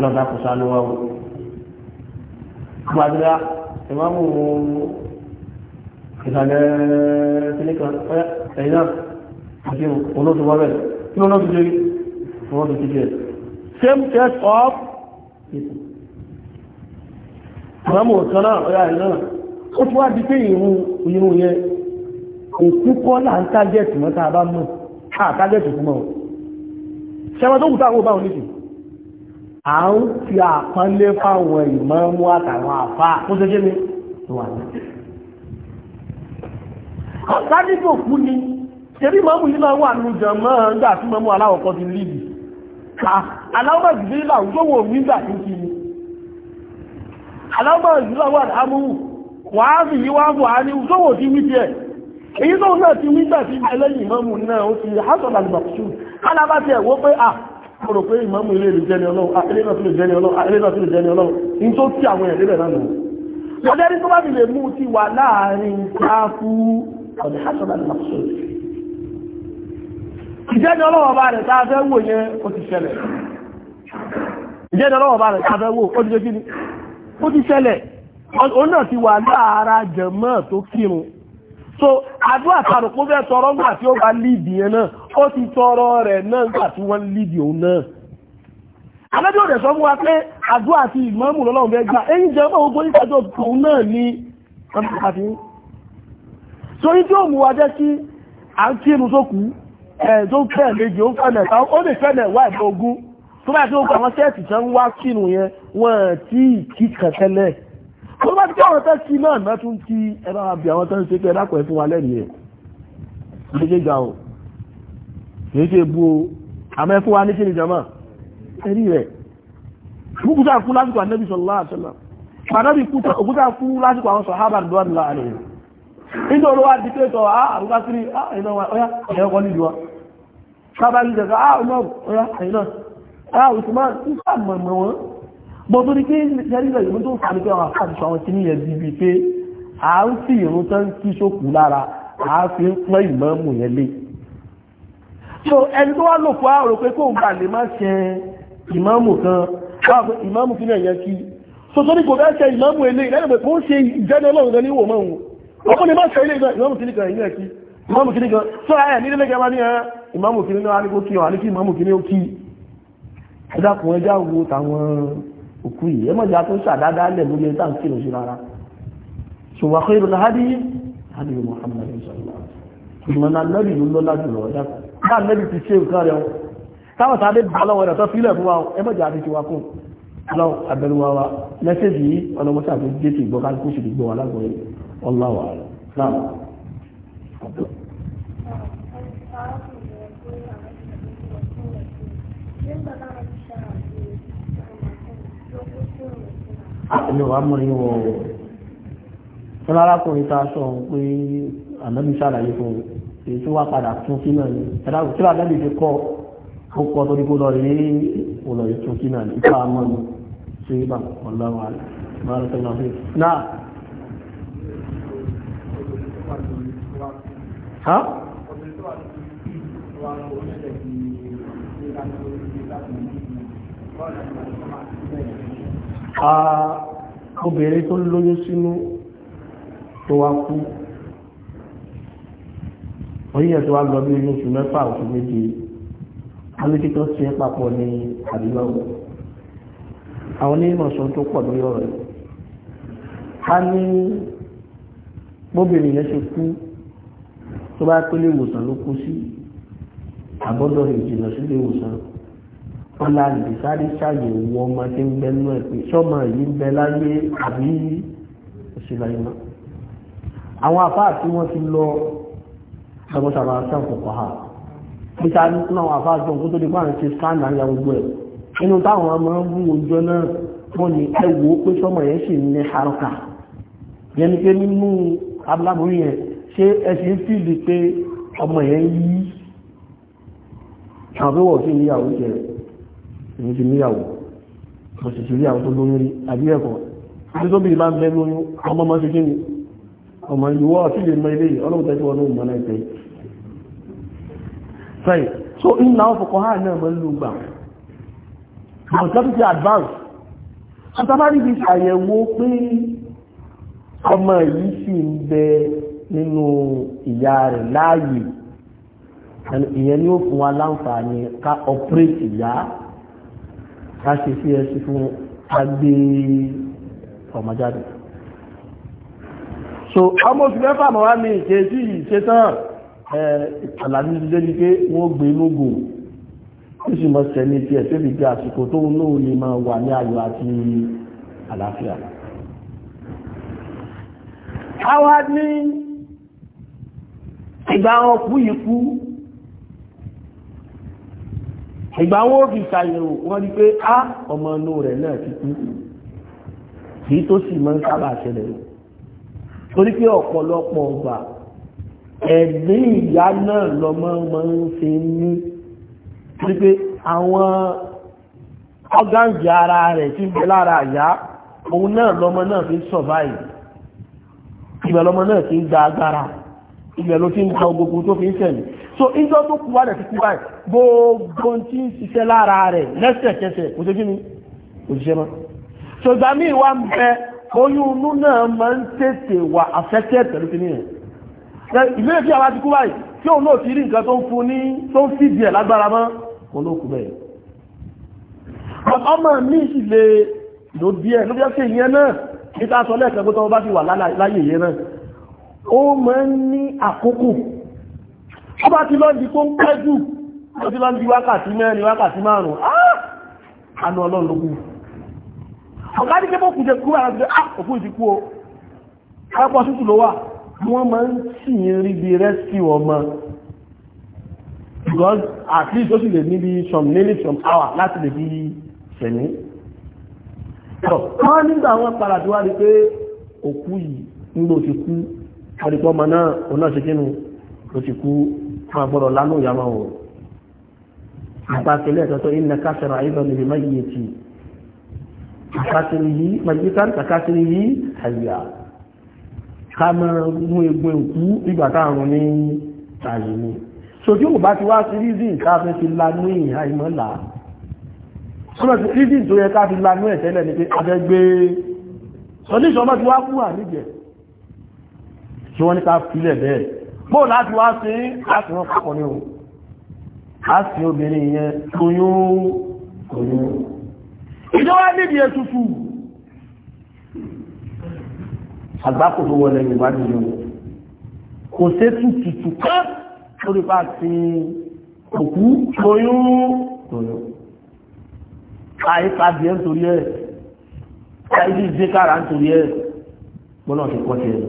lọ́dà kò sánú wa o gbàdúrà ìwọ́n mú ìsàlẹ̀ kíníkan ẹ̀yìn náà àkíyàn olóòtú wọ́n bẹ̀rẹ̀ kí ló lọ́dún jẹ́rí wọ́n ti ti jẹ́ same set of people ìwọ́n mú ọ̀tọ́ náà ọ̀yà ìlànà ó tún wá di pé ìrún ìrún yẹn òkú kọ́ là ń tágẹ́tì mọ́ tàbá mọ́ àtágẹ́tì fún mọ́ ṣẹwọ́n tó kùtà àwọn oníṣì à ń fi àpánlé fáwọn ìmọ̀ọ́mú àtàwọn àfá tó ṣe kí ni tó wà ní. ọ̀sáníkò kú ni ṣebí mọ́mú yìí náà wà nù jọ mọ́ nígbà tí mọ́mú aláwọ̀ kan ti líbi aláwọ̀ ìdílé làwùjọ wò nígbà tó ti ní aláwọ̀ ìdílé wà lámú wàá sì èyí tó náà ti wígbà tí ẹlẹ́yìn ìmọ́mù náà ó ti hásọ̀dà ìgbàkúṣù kálábá ti ẹ̀wọ́ pé à ah, mo rò pé ìmọ́mù ilé ìlú jẹ́ni ọlọ́run àìlé ah, náà tún lè jẹ́ni ọlọ́run àìlé ah, náà tún lè jẹ́ni ọlọ́run ní tó tí àwọn ẹ̀lẹ́ bẹ̀rẹ̀ nù ọjọ́ ní tó bá fi lè mú ti wà láàrin káfú ọ̀dẹ̀ hásọ̀dà ìgbàkúṣù ìjẹ́ni ọlọ́run ọba rẹ̀ tá a fẹ́ wò yẹn ó ti ṣẹlẹ̀ ìjẹ́ni ọlọ́run ọba rẹ̀ a fẹ́ wò ó ti ṣe kí ni ó ti ṣẹlẹ̀ òun náà ti wà láàárín jẹ̀mọ́ tó kírun so àdúrà àtàrùkú fẹ́ tọrọ ńgbà tí ó bá líìdì yẹn náà ó ti tọrọ rẹ̀ náà ńgbà tí wọ́n líìdì òun náà adájọ́ òde sọ fún wa pé àdúrà àti ìmọ̀ọ́mù lọ́lọ́run fẹ́ gbà ẹ̀yìn jẹ́ ọmọ ogun ìdájọ́ òun náà ní ọmọdé torí tí ó mú wa jẹ́ kí à ń kírun sókù ẹ̀ tó fẹ́ méje ó fẹ́ mẹ́ta ó lè fẹ́ mẹ́wàá ẹ̀fọ́ ogún tó bá yẹ kí ó gba àwọn sẹ́ẹ̀tì tán wá kírun yẹn wọ́n ti kí kàn tẹ́lẹ̀ tó bá ti kí àwọn tẹ́sí náà náà tún ti ẹ̀rọ àbí àwọn tẹ́sí ṣe kẹ́ dákọ̀ ẹ̀ fún wa lẹ́rìí ẹ̀ kìí ṣe ga o kìí ṣe bu o àmọ́ ẹ fún wa ní kí ni jama ẹ̀rí rẹ̀ òkúta kú lásìkò ànábì sallallahu alaihi wasallam ànábì òkúta kú lásìkò àwọn sọ̀hábà lọ́wọ́ nílá àlẹ́ nítorí wa di pé a àbúkà kiri a ìná wa ọ̀yá ẹ̀yọ́ kọ́ nídìí wa sábà ní ìjẹ̀ka a ah, ọmọ ọ̀yá ẹ̀yìn náà a ah, Usman ń bọ́ tó ní pé jẹ́rìlẹ̀ ìwé tó fà ní pé àwọn àkàtúnṣe àwọn tí níyẹn bí bí pé a ń fi ìrún tán kí ṣókù lára a fi ń pọ́n ìmọ̀ọ́mù yẹn lé so ẹni tó wá lò fún àrò pé kóun bà lè má ṣe ìmọ̀ọ́mù kan káàkiri ìmọ̀ọ́mù fi náà yẹn kí so tó ní kò fẹ́ ṣe ìmọ̀ọ́mù eléyìí lẹ́nu pé kó ń ṣe ìjẹ́ni ọlọ́run gan ní ìwò mọ́ òun ọkọ́ ni má ṣe ilé ìmọ̀ọ́mù kìíní kan yẹn kí ìmọ̀ọ́mù kìíní kan so ẹ̀ nílé lẹ́gẹ̀ẹ́ máa ní ẹ ìmọ̀ọ́mù kìíní náà á ní kó kí ọ àní kí ìmọ̀ọ́mù kìíní ó kí ẹ wo tàwọn òkú yìí ẹmọ́jà tó ṣàdádá lẹ̀ lórí ẹ̀dá kí ló ṣe rárá ṣùgbọ́n kí ló láhádí hádí Muhammad sallallahu ìmọ̀nà lẹ́bì ló lọ́lá jùlọ ọ̀dá bá lẹ́bì ti ṣe nǹkan rẹ̀ táwọn sáré bá lọ́wọ́ rẹ̀ tó fílẹ̀ fún wa ẹmọ́jà ti ti wa kún lọ abẹ́rúwa wa mẹ́sẹ̀jì yìí ọlọ́mọ́sà tó dé ti gbọ́ kálukú sì ti gbọ́ wa lágbọ̀ọ́ àmì wàá mọ̀ ní wọ̀ ọ́ fún arákùnrin tá a sọ ọ́n pé ànábì ṣàlàyé fún un èyí tó wá padà tún sí náà ni ẹ̀dá kò tíra dábì fi kọ́ ó kọ́ tó ní kó lọ rí òlò yìí tún sí náà ni ìfà mọ́ ni ṣé ibà ọ̀làwà márùtẹ́lá fún Thank you a obìnrin tó lóyún sínú tó wá kú oríyẹ̀ tó wá lọ bí inú oṣù mẹ́fà oṣù méje alójútó sí ẹ papọ̀ ní àdúgbò àwọn onímọ̀ sọ tó pọ̀ lórí ọ̀rọ̀ yìí ká ní bóbìnrin yẹn ṣe kú tó bá tó lè wòsàn ló kú sí àbọ́dọ̀ ìjìnà sílé ìwòsàn wọn la lè sáré ṣàyẹ̀wò ọmọ tí ń bẹ nínú ẹ̀ pé sọ́mọ yìí ń bẹ láyé àbí òṣèlú náà àwọn àfáà tí wọ́n ti lọ ṣàbọ̀ṣàbà ṣàkókò ha níta nínú àwọn àfáà tó ń kó tó di fáwọn ṣe scan àyà gbogbo ẹ̀ nínú táwọn ọmọ ń wú náà wọ́n ní ẹ wò ó pé sọ́mọ yẹn sì ní haraka yẹn ni pé nínú abúláborí yẹn ṣé ẹ sì ń fìlì pé ọmọ yẹn yí àwọn pé wọ́n fi níyàwó jẹ èmi ti níyàwó mo sì ti rí àwọn tó lóyún rí àbí ẹ̀kọ́ tí tó bìí bá ń bẹ lóyún ọmọ ọmọ ṣe kí ni ọmọ ìwọ àti lè mọ ilé ọlọ́run tẹ́tí wọn ló mọ náà ìpẹ́ sẹ́yìn so ìlà ọ̀fọ̀kọ̀ hà náà mọ́ ló gbà àwọn tó ti advance àtàbárí fi ṣàyẹ̀wò pé ọmọ yìí sì ń bẹ nínú ìyá rẹ̀ láàyè ìyẹn ni ó fún wa láǹfààní ká ọpẹ́rẹ́tì yá ká ṣe sí ẹsí fún agbé ọmọ jáde so almost oṣù mẹ́fà mọ̀ wá ní ìṣe sí ìṣe tán àlàní ṣiṣẹ́ ni pé wọ́n gbé lógo ó sì mọ̀ sẹ́ni tiẹ̀ tó fi di àsìkò tó ń lóun lè máa wà ní ayọ̀ àti àlàáfíà àwa ní ìgbà wọn yìí kú ìgbà wọn ò fi ṣàyẹ̀wò wọ́n rí pé á ọmọ inú rẹ̀ náà ti kú kìí tó sì máa ń sábà ṣẹlẹ̀ rẹ̀ torí pé ọ̀pọ̀lọpọ̀ ọgbà ẹ̀mí ìyá náà lọ́mọ máa ń fi ní torí pé àwọn ọ́gáǹjì ara rẹ̀ tí ń bẹ lára àyá òun náà lọ́mọ náà fi ń survive ibẹ̀ lọ́mọ náà ti ń gba agbára ibẹ̀ ti ń gba gbogbo tó fi ń ṣẹlẹ̀ so ìjọ tó kú wá rẹ̀ ti kú báyìí gbogbo tí ń ṣiṣẹ́ lára rẹ̀ lẹ́sẹ̀kẹsẹ̀ kò ṣe ni kò ṣiṣẹ́ so ìgbà míì wá ń bẹ oyún inú náà máa ń tètè wà affected pẹ̀lú kí nìyẹn ìbéèrè tí àwa ti kú báyìí tí òun náà ti rí nǹkan tó ń fún ní tó ń fìdí ẹ̀ lágbára mọ́ òun ló kú bẹ́ẹ̀ ọmọ mi sì lè lò díẹ̀ ló jẹ́ sí ìyẹn náà ó bá ti lọ́ndì tó ń pẹ́ jù ó ti lọ́ndì wákàtí mẹ́rin wákàtí márùn-ún ah! àánú ọlọ́run lókù ọ̀gá ní kébọ́ kùjẹ kúrò àwọn ọ̀gá ah, òkú ìdíkú o arápọ̀ tútù ló wà wọ́n máa ń sì rí bí rẹ́sì ọmọ because at least ó sì lè níbi some minutes some hours láti lè fi ṣẹ̀mí wọ́n nígbà wọn padà tó wá di pé òkú yìí nígbà ó ti kú ọdìpọ̀ ọmọ náà òun náà ṣe kínú ó ti kú máa gbọ́dọ̀ lánà ìyàmà wò àpàtìlẹ̀ ẹ̀tọ́tọ́ ilẹ̀ káṣẹ̀rọ̀ àyíbọn níbi máyìí ti àkásìrì yìí màjíkán àkásìrì yìí àyà ká máa mú egbò ìkú nígbà táàrùn ní àyè ni sojú ò bá ti wá sí rídìn ká fẹ́ fi lanú ìhà ìmọ́là rídìn tó yẹ ni pé abẹ́gbé sọdíṣọ́ mọ́ ti wá kú àníjẹ̀ tí bó láti wá sí láti wọn papọ̀ ní o a sì obìnrin yẹn tóyún tóyún ìjọba nídìí ètùtù àgbákò tó wọlé yorùbá nìyẹn kò sétù tutù kan lórí bá ti òkú tóyún tóyún àyíká bìí nítorí ẹ àyíká ìdíje kára nítorí ẹ gbọ́dọ̀ ti kọ́ tiẹ̀ lọ.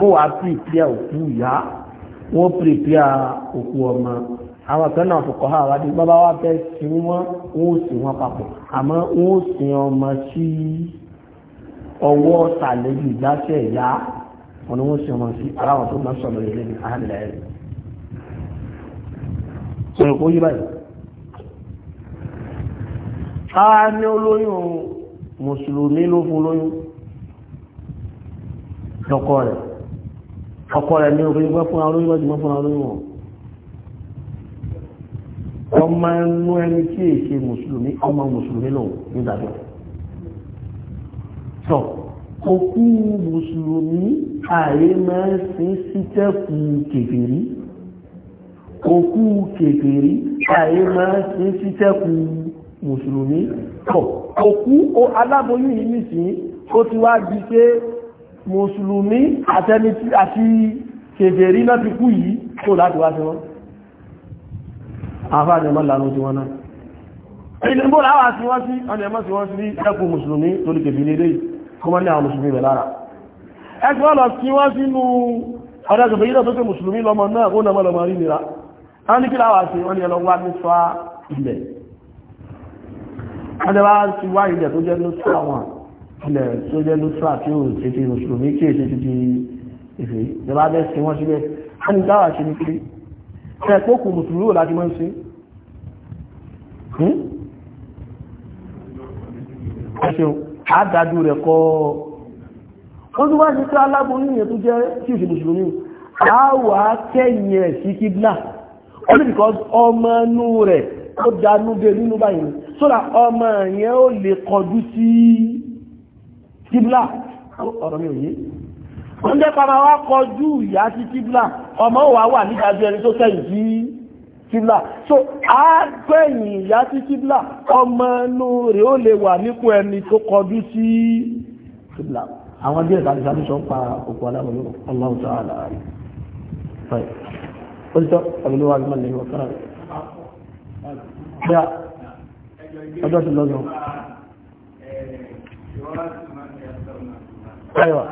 wọ́n wá pèpìà òkú ìyá wọ́n pèpìà òkú ọmọ àwọn kan náà fòkọ́ ha wá dé bàbá wa fẹ́ sin wọn wọn ò sin wọn papọ̀ àmọ́ wọn ò sin ọmọ sí ọwọ́ sàlẹ̀jù ìgbàsẹ̀ ìyá wọn ni wọn sin ọmọ sí aláwọ̀ tó máa sọ̀rọ̀ ilé ní àhàlẹ̀ rẹ̀ sọ̀rọ̀ kó yí báyìí. a ní olóyún mùsùlùmí ló fún olóyún lọ́kọ rẹ̀ ọkọ rẹ̀ ní obìnrin gbọ́ fúnra olóyún wọ́n ti gbọ́ fúnra olóyún wọn. ọmọ inú ẹni tí èyí ṣe mùsùlùmí ọmọ mùsùlùmí lòun ní ìdájọ́. sọ òkú mùsùlùmí ààyè máa ń sin sítẹ́kù kèfèrí òkú kèfèrí ààyè máa ń sin sítẹ́kù mùsùlùmí tọ̀ òkú aláboyún yìí nìsín ó ti wá di pé mùsùlùmí àti kèfèrí náà ti kú yìí tó láti wá sí wọn àfáàdì ẹmọ́ lànà tí wọ́n náà ilẹ̀ ìbò láwà sí wọ́n sí ọdún ẹmọ́ sí wọ́n sí ẹkùn mùsùlùmí tó lè kèfèrí lè kọmọ ní àwọn mùsùlùmí bẹ̀ lára ẹkùn ọlọ sí wọ́n sínú ọdún ẹgbẹ̀ yíò tó pé mùsùlùmí lọmọ wá ilẹ̀ tó jẹ́ ní sọ àwọn ilẹ̀ tó jẹ́ lóṣùwà tí ó ṣe ti mùsùlùmí kí èṣe ti di ìfẹ́ ìjọba bẹ́ẹ̀ sí wọ́n síbẹ̀ á ní dáwà ṣe ní kiri ṣe pókù mùsùlùmí wò láti máa ń ṣe hmm? ẹ̀ṣẹ̀ àádájú rẹ̀ kọ́ wọ́n tó wá sí pé aláboyún yẹn tó jẹ́ tí ò ṣe mùsùlùmí á kẹ́yìn ẹ̀ sí kíblà only because ọmọ inú rẹ̀ ó danú dé nínú báyìí sódà ọmọ yẹn ó lè kọjú sí kíblà ọ̀rọ̀ mi ò yé wọ́n jẹ́ para wá kọjú ìyá sí kíblà ọmọ wa wà nígbàjú ẹni tó sẹ́yìn sí kíblà so a gbẹ̀yìn ìyá sí kíblà ọmọ inú rẹ̀ ó lè wà nípò ẹni tó kọjú sí kíblà àwọn díẹ̀ tàbí sábí sọ ń pa òkú aláwọ̀ yóò Allahu ta'ala fẹ́ ó ti tọ́ ọ̀lọ́wọ́ àgbà lè wọ́n fẹ́ràn rẹ̀ ọjọ́ ti lọ́yọ̀ Ayiwa.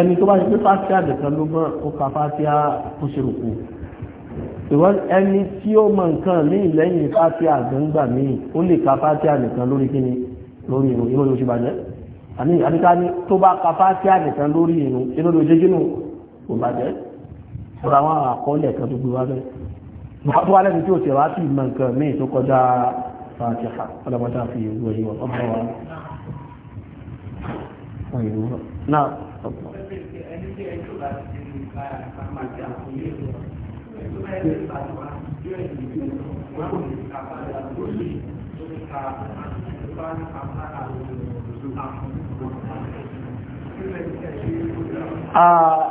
Ẹni tó bá ṣe pé fásíà nìkan ló mọ́ ó ka fásíà kó ṣe rò kú. Ìwọ́n ẹni tí ó mọ nǹkan ní ìlẹ́yìn fásíà gbọ́ngbà míì ó lè ka fásíà nìkan lórí kíni lórí ìrùn inú ló ṣe bàjẹ́. Àníkà ni tó bá ka fásíà nìkan lórí ìrùn inú ló ṣe jínú kò bàjẹ́ ọ̀rọ̀ àwọn àkọọ́lẹ̀ kan tó gbé wá bẹ́ẹ̀ bùkátà wà lẹ́nu tí ó ti rà á sì mọ nǹkan míì tó kọjá fàtíhà ọlọ́mọdé fi ìlú ẹ̀yìn ọmọ wa náà Ah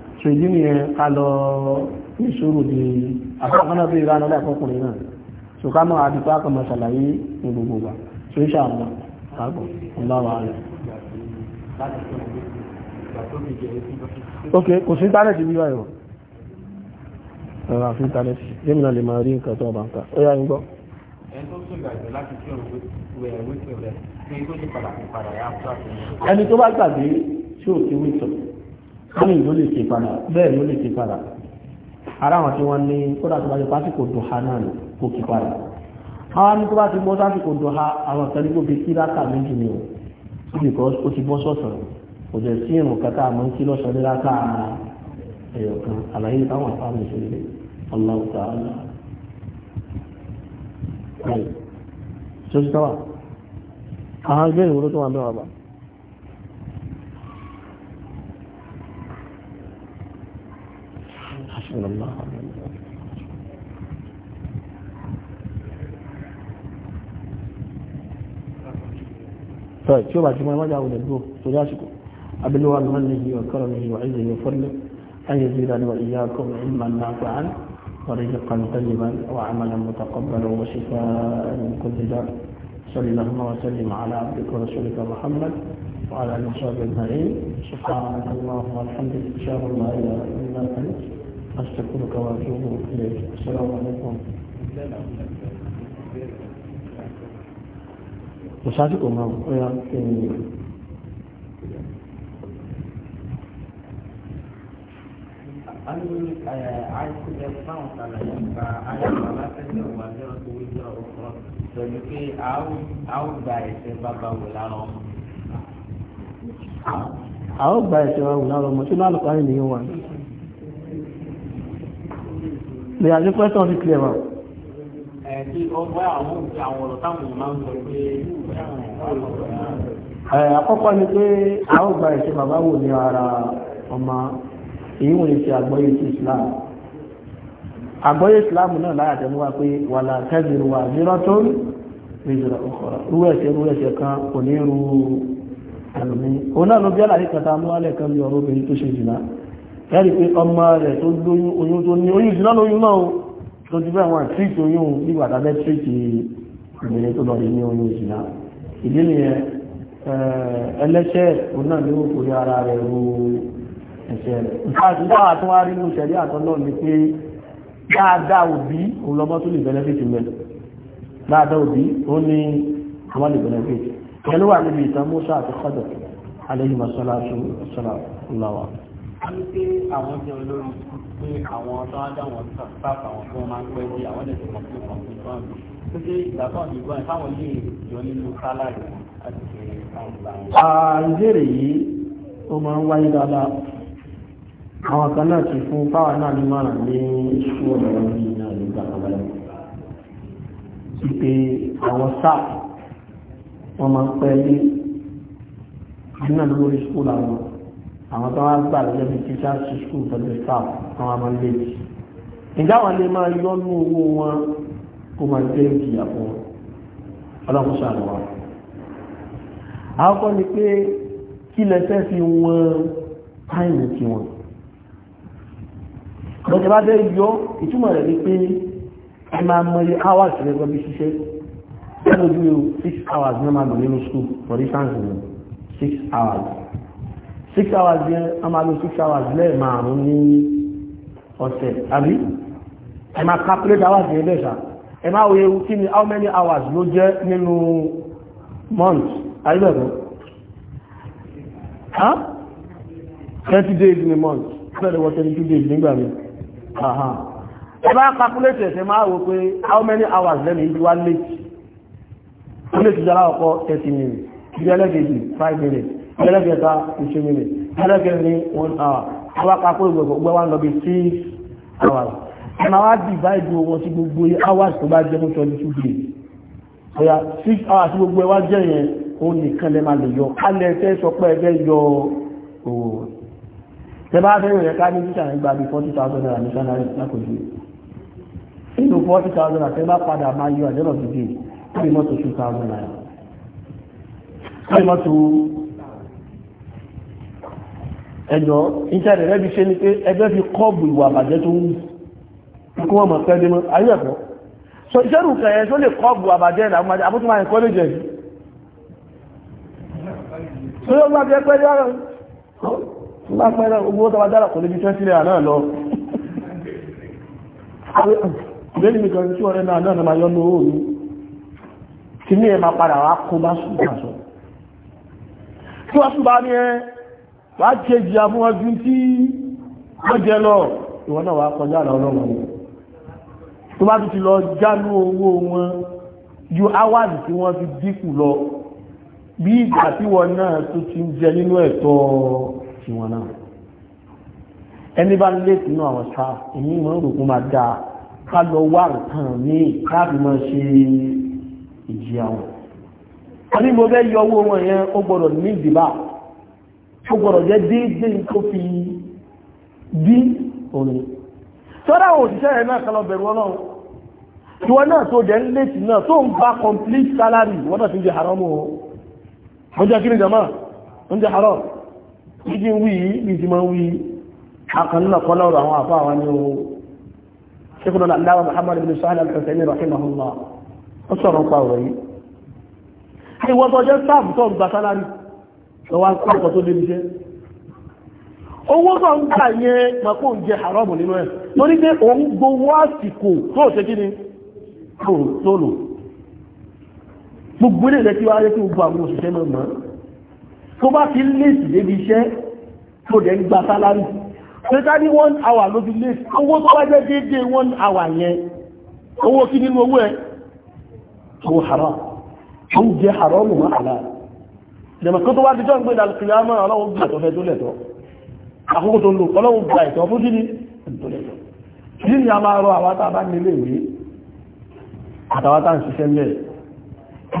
so ìdí nìyẹn ká lọ di àkọ́kọ́ náà bí ìlànà lẹ́ẹ̀kọ́kùnrin náà so ká mọ́ àdìpá kan mọ́ ṣàlàyé ní gbogbo wa so ìṣà àwọn àgbọ̀ ọlọ́wà rẹ̀ ok kò sí íńtánẹ́ẹ̀tì bí báyìí ẹ̀rọ àfi íńtánẹ́ẹ̀tì jẹ́mìnà lè máa rí nǹkan tó ọba nǹkan ó yá ń gbọ́ ẹni tó sún ìgbàgbé láti kí òun bá gbàgbé tí ò kánì ló lè ṣe padà bẹ́ẹ̀ ló lè ṣe padà ara àwọn tí wọ́n ní kódà tó bá jẹ pásíkò dùhá náà ní kò kí padà àwọn ní tó bá ti bọ́ sásìkò dùhá àwọn kan ní kò fi kí ráka méjì ni o because ó ti bọ́ sọ̀tàn kò jẹ́ sí ìrùn kata àmọ́ kí lọ́sọ̀ ní ráka ẹ̀yọ̀ kan àlàyé táwọn àfáà mi ṣe lè Allahu ta'ala. ṣé o ti tọ́wà àwọn ìbéèrè wo ló tó wà bẹ́ẹ̀ wà bá. رسول الله طيب شو بعد ما رجعوا للجوف فجاشكم أبلغ منه وكرمه وعزه وفضله أن يزيدني وإياكم علما نافعا ورزقا طيبا وعملا متقبلا وشفاء من كل داء صلى الله وسلم على عبدك ورسولك محمد وعلى اله وصحبه اجمعين سبحانك اللهم وبحمدك اشهد ان لا اله الا انت أستغفرك وأتوب إليك السلام عليكم Mùsáàtì kò máa ń yá ènìyàn. A ní àìsílẹ̀ fáwọn sàlàyé nípa àyàwó aláfẹ́sẹ̀ wà lọ́rọ̀ tó wí lọ́rọ̀ ọ̀pọ̀ pẹ̀lú pé a ó gba ẹ̀sẹ̀ bàbá wò lára ọmọ. A ó gba ẹ̀sẹ̀ wà wò lára ọmọ tí lọ́lọ́pàá wà ní lè àti pẹ́sàn ní clear wọn. àkọ́kọ́ ni pé a ó gba ìṣe bàbá wò ní ara ọmọ èyí wọ́n lè ṣe àgbọ́yé sí Islam àgbọ́yé Islam náà láyà tẹ́lú wa pé wà látẹ́zìrì wà zero tó méjìlá ọkọ̀rọ̀ rú ẹ̀ṣẹ̀ rú ẹ̀ṣẹ̀ kan kò ní rú ẹlòmí òun náà ló bí àlàyé kan tá a mú alẹ́ kan yẹ́rì pé ọmọ rẹ̀ tó lóyún oyún tó ní oyún ìsinà lóyún náà tó ti bẹ́ àwọn tíìtì oyún nígbà tàbẹ́ tíìtì ìbìnrin tó lọ́dẹ̀ ní oyún ìsinà ìdí ni ẹlẹ́ṣẹ̀ òun náà ló kò rí ara rẹ̀ ro ẹ̀ṣẹ̀ rẹ̀ nígbà tó wá rí ìṣẹ̀lẹ̀ àtọ́ náà ni pé dáadáa òbí òun lọ́mọ ní àwọn níbi ìtàn Mùsá àti Khadr alayhi masalatu salam lawa ní pé àwọn jẹ́ olórí pé àwọn tó ń dá wọn sáfà àwọn tó máa ń pẹ́ sí àwọn ẹ̀sìn kan fún kan fún tó ṣe ìgbà gbọ́n táwọn lè yọ nínú sálárì láti ṣe àǹgbà. ìbéèrè yìí ó máa ń wáyé dáadáa àwọn kan náà àwọn tó wá gbà lọ́jọ́ bíi teacher to school pẹ̀lú staff kan wá máa ń léèkì ìjà wọn lè máa yọnu owó wọn kó máa jẹ́ ìjìyà fún wọn ọlọ́run ṣàlọ́ wa. àkọ́kọ́ ni pé kí lẹ́sẹ̀ fi wọn táìmù tí wọn. lọ́jọ́ bá fẹ́ yọ ìtumọ̀ rẹ̀ ni pé ẹ máa mọ iye hours rẹ̀ gbọ́ bí ṣiṣẹ́ ẹ lójú six hours ní wọ́n máa nínú school for instance six hours six hours yẹn a máa lo six hours lẹ́ẹ̀ márùn ní ọ̀sẹ̀ àbí ẹ máa calculate hours yẹn bẹ́ẹ̀ ṣá ẹ máa wo ewu kí ni how many hours ló jẹ́ nínú month àyẹ̀bẹ̀kọ́ ha twenty days in a month Twenty wọ́n twenty two days nígbà mi ẹ bá calculate ẹ̀sẹ̀ máa wo pé how many hours lẹ́nu ibi wá late ó lè ti jára ọkọ̀ thirty minutes ibi ẹlẹ́gẹ̀ẹ́jì five minutes ẹlẹ́kẹta ìṣẹ́mi rẹ̀ ẹlẹ́kẹrin one hour awakapọ̀ ìgbẹ̀gbẹ̀ ọgbẹ́ wa ń lọ bí six hours ẹ̀ma wá divide owó sí gbogbo hours tó bá jẹ́ fún twenty two days ọ̀yà six hours gbogbo ẹ̀ wá jẹ́ yẹn òun nìkan lẹ́ máa lè yọ kálẹ̀ ẹ̀fẹ́ sọ pé ẹ̀fẹ́ yọ òwò tẹ bá fẹ́ rẹ̀ ká ní títà ní gbàbí 40,000 naira ní sánárì lákòójú inú 40,000 naira tẹ bá padà máa yọ àjẹ́lọ̀ gidi tí mọ́tò 2,000 naira tí mọ́tò ẹjọ́ iṣẹ́ rẹ̀ rẹ́bi ṣe ni pé ẹgbẹ́ fi kọ́ọ̀bù ìwà àbàjẹ́ tó wù kí wọ́n mọ̀ pẹ́ dé mọ́ so iṣẹ́ rù kẹ̀yẹ tó lè kọ́ọ̀bù àbàjẹ́ ìlà àbútú máa ń kọ́ lójẹ̀ yìí tó yóò bá jẹ́ pẹ́ dára bá pẹ́ dára owó tó bá dára kò lè bí tẹ́ sílẹ̀ àná lọ bẹ́ẹ̀ni wà á ṣe ìjìyà fún wọn ju tí wọ́n jẹ lọ ìwọ náà wà á kọjá àlọ́ ọlọ́wọ́ tó bá tún ti lọ jálú owó wọn ju áwàdì tí wọ́n fi dínkù lọ bí ìgbà tí wọn náà tó ti ń jẹ nínú ẹ̀tọ́ tiwọn náà ẹni bá lé sínú àwọn sáà èmi mọ̀ rò kó máa dáa ká lọ wá nǹkan ní káàbì máa ṣe ìjì àwọn. wọ́n ní mo fẹ́ yọ owó wọn yẹn ó gbọ́dọ̀ ní ìdìbà ó gbọ́dọ̀ jẹ́ déédéé tó fi bí òní sọ́dá àwọn òṣìṣẹ́ rẹ̀ náà kan lọ bẹ̀rù ọlọ́run ìwọ náà tó jẹ́ léètì náà tó ń gba complete salary wọ́n náà ti ń jẹ haram o mo haram ìdí ń wí ní ti máa ń wí akànnì náà kọ́ lọ́rọ̀ àwọn àfọ muhammad bin sahal al-hussein rahimahullah ó sọ̀rọ̀ pa ọ̀rọ̀ yìí ìwọ́n tó jẹ́ sáàbù tó ń gba salary lọ́wọ́ pàpọ̀ tó lé níṣẹ́ owó tó ń gbà yẹn pàpọ̀ ń jẹ haramu nínú ẹ̀ torí pé òun gbowó àsìkò tó ṣe kí ni tó lò gbogbo ilé rẹ̀ tí wáyé tí gbogbo àwọn òṣìṣẹ́ náà mọ́ tó bá ti léèsì débi iṣẹ́ tó dẹ̀ ń gba sálárì pẹ́ká ní one hour ló fi léèsì owó tó bá jẹ́ déédé one hour yẹn owó kí jẹ̀mọ̀kú tó wá ti jọ́ ń gbé ìdàlùkìyàmọ́ ọlọ́wọ́ gbà tó fẹ́ tó lẹ̀tọ́ àkókò tó lò ọlọ́wọ́ gbà ìtọ́ fún jíní tó lẹ̀tọ́ kí ni a máa rọ àwátá bá nílé ìwé àtàwátá ń ṣiṣẹ́ lẹ̀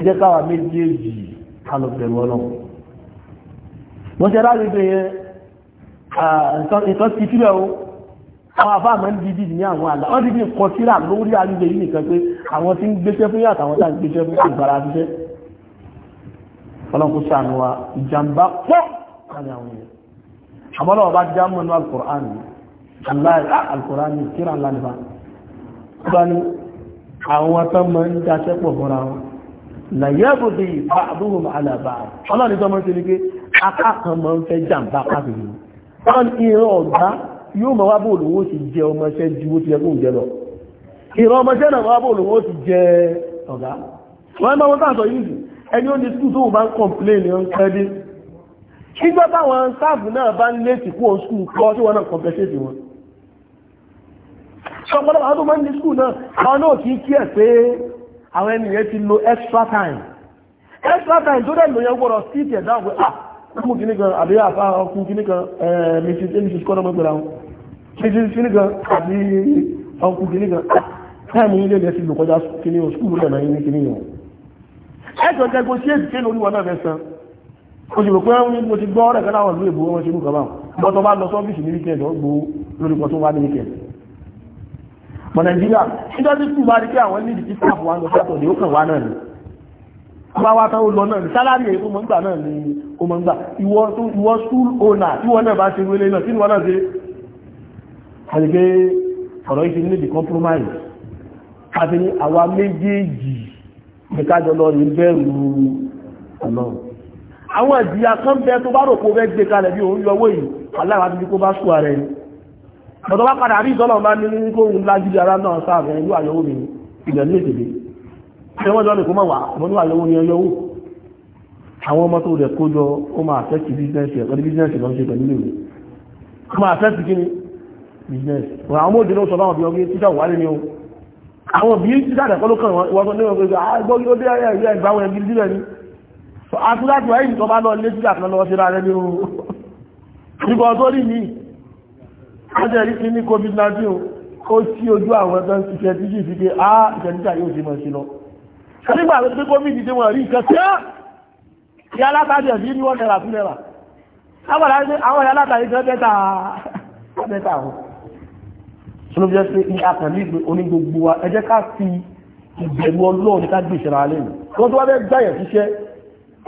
jẹ́ káwà méjèèjì kálọ̀ pẹ̀lú ọlọ́wọ́ wọ́n ṣe láti pé ìtọ́ ti kílẹ̀ o àwọn afá àmọ́ ń di bí ọlọ́nkú sàánú wa ìjàmbá pọ̀ láàrin àwọn èèyàn àmọ́lọ́ ọba jámọ́ ní alkùránì ah, alkùránì kíra ńlá nípa ọba ní àwọn tó mọ́ ń dáṣẹ́ pọ̀ fọ́ra wọn na yẹ́bù bí bá náà wá bó ti jẹ ọ̀gá wọ́n mọ́ wọn táà sọ yìí ẹni ó ní skúl tó bá ń kọ̀m̀pléènì ọ́n kẹ́dé nígbà táwọn sáàfù náà bá ń lé tìkú ọ̀ skúl kọ́ tí wọ́n náà kọ̀m̀pẹ́sẹ̀tì wọn ṣọpọlọpọ àwọn tó máa ń ní skúl náà àwọn náà kì í kí ẹ̀ pé àwọn ènìyàn ti lo extra time extra time tó dẹ̀ lò yẹn gbọ́dọ̀ sí ìtẹ̀ dáhùn pé ah mú kíní kan àbí àfa ọkùn kíní kan mrs mrs kọ́nà mọ́ pẹ̀lú àwọn mrs kíní kan àbí ọkùn kíní kan táìmù ilé ilẹ̀ ẹ̀sọ̀ jẹ́gbó sí èsì kéèlò oníwọ̀n náà mẹ́sàn o sì rò pé mo ti gbọ́ ọ̀rẹ́ kanáwọn ìlú èbò wọn ṣe nǹkan báwọn lọ́tọ́ bá lọ sọ́fíìsì ní wíkẹ́ẹ̀dì ọgbó lórí pọ̀ tó wá ní wíkẹ́ẹ̀dì mọ̀ nàìjíríà nígbà tí kù bá rí pé àwọn nídìí tí sáàpù wa lọ sátọ̀ ní ó kàn wá náà ni bá wá tán ó lọ náà ni sálárì èyí tó mọ̀ ń náà ni ó mọ̀ ń gbà ìwọ school owner tí wọ́n náà bá ṣe wọlé náà kí ni wọ́n náà ṣe àti pé ọ̀rọ̀ yìí ti nídìí compromise àti àwa méjèèjì ìkájọ lọ rí bẹ̀rù ọlọ́run àwọn ìdíyà kan bẹ tó bá ròpó bẹ́ gbé kalẹ̀ bí òun yọwọ́ yìí aláwà bí kó bá sù ààrẹ ọ̀tọ̀ bá padà rí ìtọ́lọ̀ bá ní kó ń lájú ara náà sáàrẹ̀ ìlú àyọwó mi ìlẹ̀ ní ètèlé ṣe wọ́n jọ lè kó mọ̀ wà mọ́ ní àyọwó ni ọyọ́wó àwọn ọmọ tó rẹ̀ kó jọ ó máa fẹ́ ti bísínẹ́sì ẹ̀kọ́ ní bísínẹ́sì lọ ṣe pẹ̀lú ìwé ó máa fẹ́ ti kí ni bísínẹ́sì àwọn ọmọ òdìdó sọ àwọn bí i dáadáa kọ́ ló kàn wọ́n ah, tó níwọ̀n gbogbo àgbọ́ yóò dé ẹ̀rẹ́ ìgbàwọn ẹ̀gí sílẹ̀ ní àtúláti wáyé nìkan bá lọ lé sílẹ̀ àtúnlọ́ lọ́wọ́ síra rẹ̀ ní oòrùn nígbà tó rí ní ọjọ́ sí ní covid-19 ó sí ojú àwọn ẹgbẹ́ ń sọlọ́bí jẹ́ pé ní akànlí ìgbé onígbogbo wa ẹ jẹ́ ká fi ìbẹ̀rù ọlọ́run ká gbé ìṣẹ̀rà alẹ́ nù kí wọ́n tó wá bẹ́ẹ̀ gbáyẹ̀ ṣiṣẹ́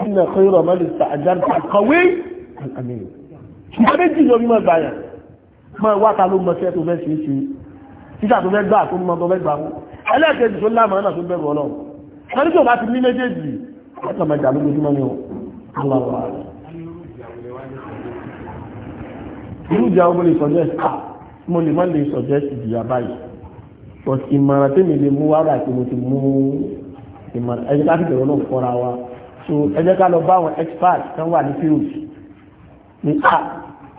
nínú ẹ̀kọ́ yóò rọ̀ mọ́lẹ̀ àjálùkà kọ̀wé àmì ìgbà méjì ni omi mọ̀ gbáyẹ̀ mọ́ ẹ wá ta ló mọ sí ẹ tó fẹ́ ṣe é ṣe títà tó fẹ́ gbà tó mọ tó fẹ́ gbà mú ẹlẹ́ẹ̀kejì tó lámọ̀ náà tó bẹ̀rù ọlọ́run wọ́n ní tí ò bá ti ní méjèèjì ẹ̀kọ́ mẹ́jà ló gbójúmọ́ ni irú ìjà omi lè sọ mo lè má lè sọ̀jẹ́sì ìyá báyìí but ìmọ̀ràn tèmi lè mú wàrà tí mo ti mú ìmọ̀ràn ẹ̀jẹ̀ ká fìbẹ̀rẹ̀ náà fọ́ra wa so ẹ̀jẹ̀ ká lọ bá àwọn expert kan wà ní field ní ah,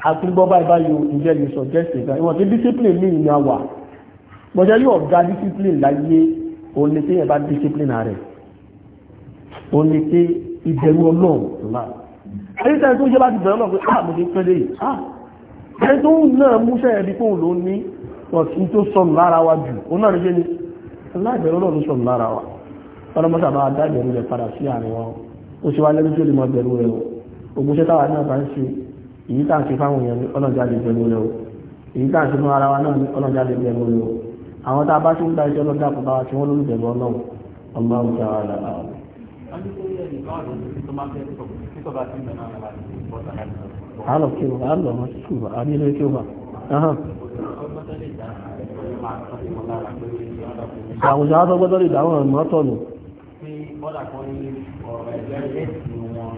a àtúgbọ́ báyìí báyìí ǹjẹ́ lè sọ̀jẹ́sì ìgbà ìwọ̀n tí discipline mi ìyá wà bọ́jẹ́ yóò ga discipline láyé òun ni téèyàn bá discipline rẹ̀ òun ni pé ìbẹ̀rù ọlọ́run ẹni tó ń náà múṣẹ́ ẹ̀rí pé òun ló ní ọ̀sìn tó sọ̀rọ̀ lára wa jù òun náà ní ṣe ni aláìbẹ̀rẹ̀ ọlọ́run sọ̀rọ̀ lára wa ọlọ́mọṣà bá dábẹ̀rù rẹ̀ padà sí àárín wa ó ṣe wá lẹ́nu tí ó lè mọ bẹ̀rù rẹ̀ o ògbóṣẹ́ náà bá ń ṣe èyí tá à ń ṣe fáwọn èèyàn ní ọlọ́jà lè rẹ̀ o èyí tá à ń ṣe fún ara wa náà ní ọlọ́jà lè bẹ̀rù rẹ̀ o a bá ṣe ń gba iṣẹ́ ọlọ́jà kò bá wa ṣe wọ́n lórí bẹ̀rù ọlọ́run ọlọ́run àlọ́ kí o àlọ́ ọmọ sí kùbà àbí ilé kí o bà. àwùjọ àtọ́ gbọ́dọ̀ lè dáhùn ọmọ tọ̀nù.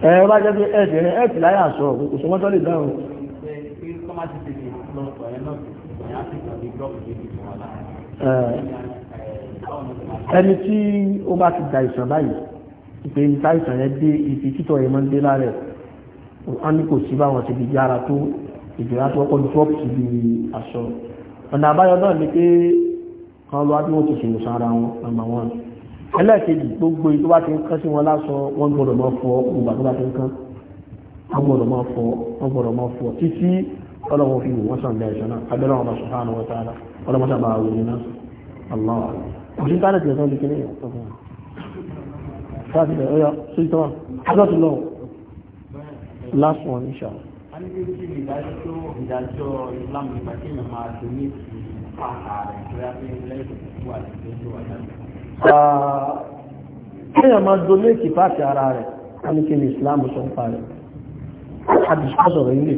ẹ ọ bá jẹ́ pé ẹ ti rẹ ẹ ti láyà sọ lè dáhùn. ẹni tí ó bá ti da ìsàn báyìí ìpè táìsàn yẹn dé ibi títọ̀ yẹn ń dé lára wọ́n ní kò sí báwọn ti fi yára tó ìjọra tó kọ́ ní fọ́ọ̀pù sí bí aṣọ ọ̀nà àbáyọ náà ni pé kan lọ́wọ́ tí wọ́n ti ṣe ìwòsàn ara wọn nàmbà wọn ẹlẹ́ẹ̀kejì gbogbo tó bá ti ń kán sí wọn lásọ wọ́n gbọ́dọ̀ máa fọ ìgbà tó bá ti ń kán wọ́n gbọ́dọ̀ máa fọ wọ́n gbọ́dọ̀ máa fọ títí ọlọ́wọ́ fi wọ́n sàn bẹ́ẹ̀ sọ́nà abẹ́rẹ́ wọn sọ̀rọ̀ àwọn ọ̀tá ara ọlọ́wọ́ sábà wò ní náà allah òsì tánà tìlẹ̀ sọ́ọ́ di kíní ọ̀tọ̀ fún wọn. sáà tìlẹ̀ ọ̀yọ́ sí tọ́wọ́ last one inshallah. a ah, máa donate pàtà ara rẹ̀ ni Islam sọ ń àdìsọ́sọ̀ rẹ̀ nílé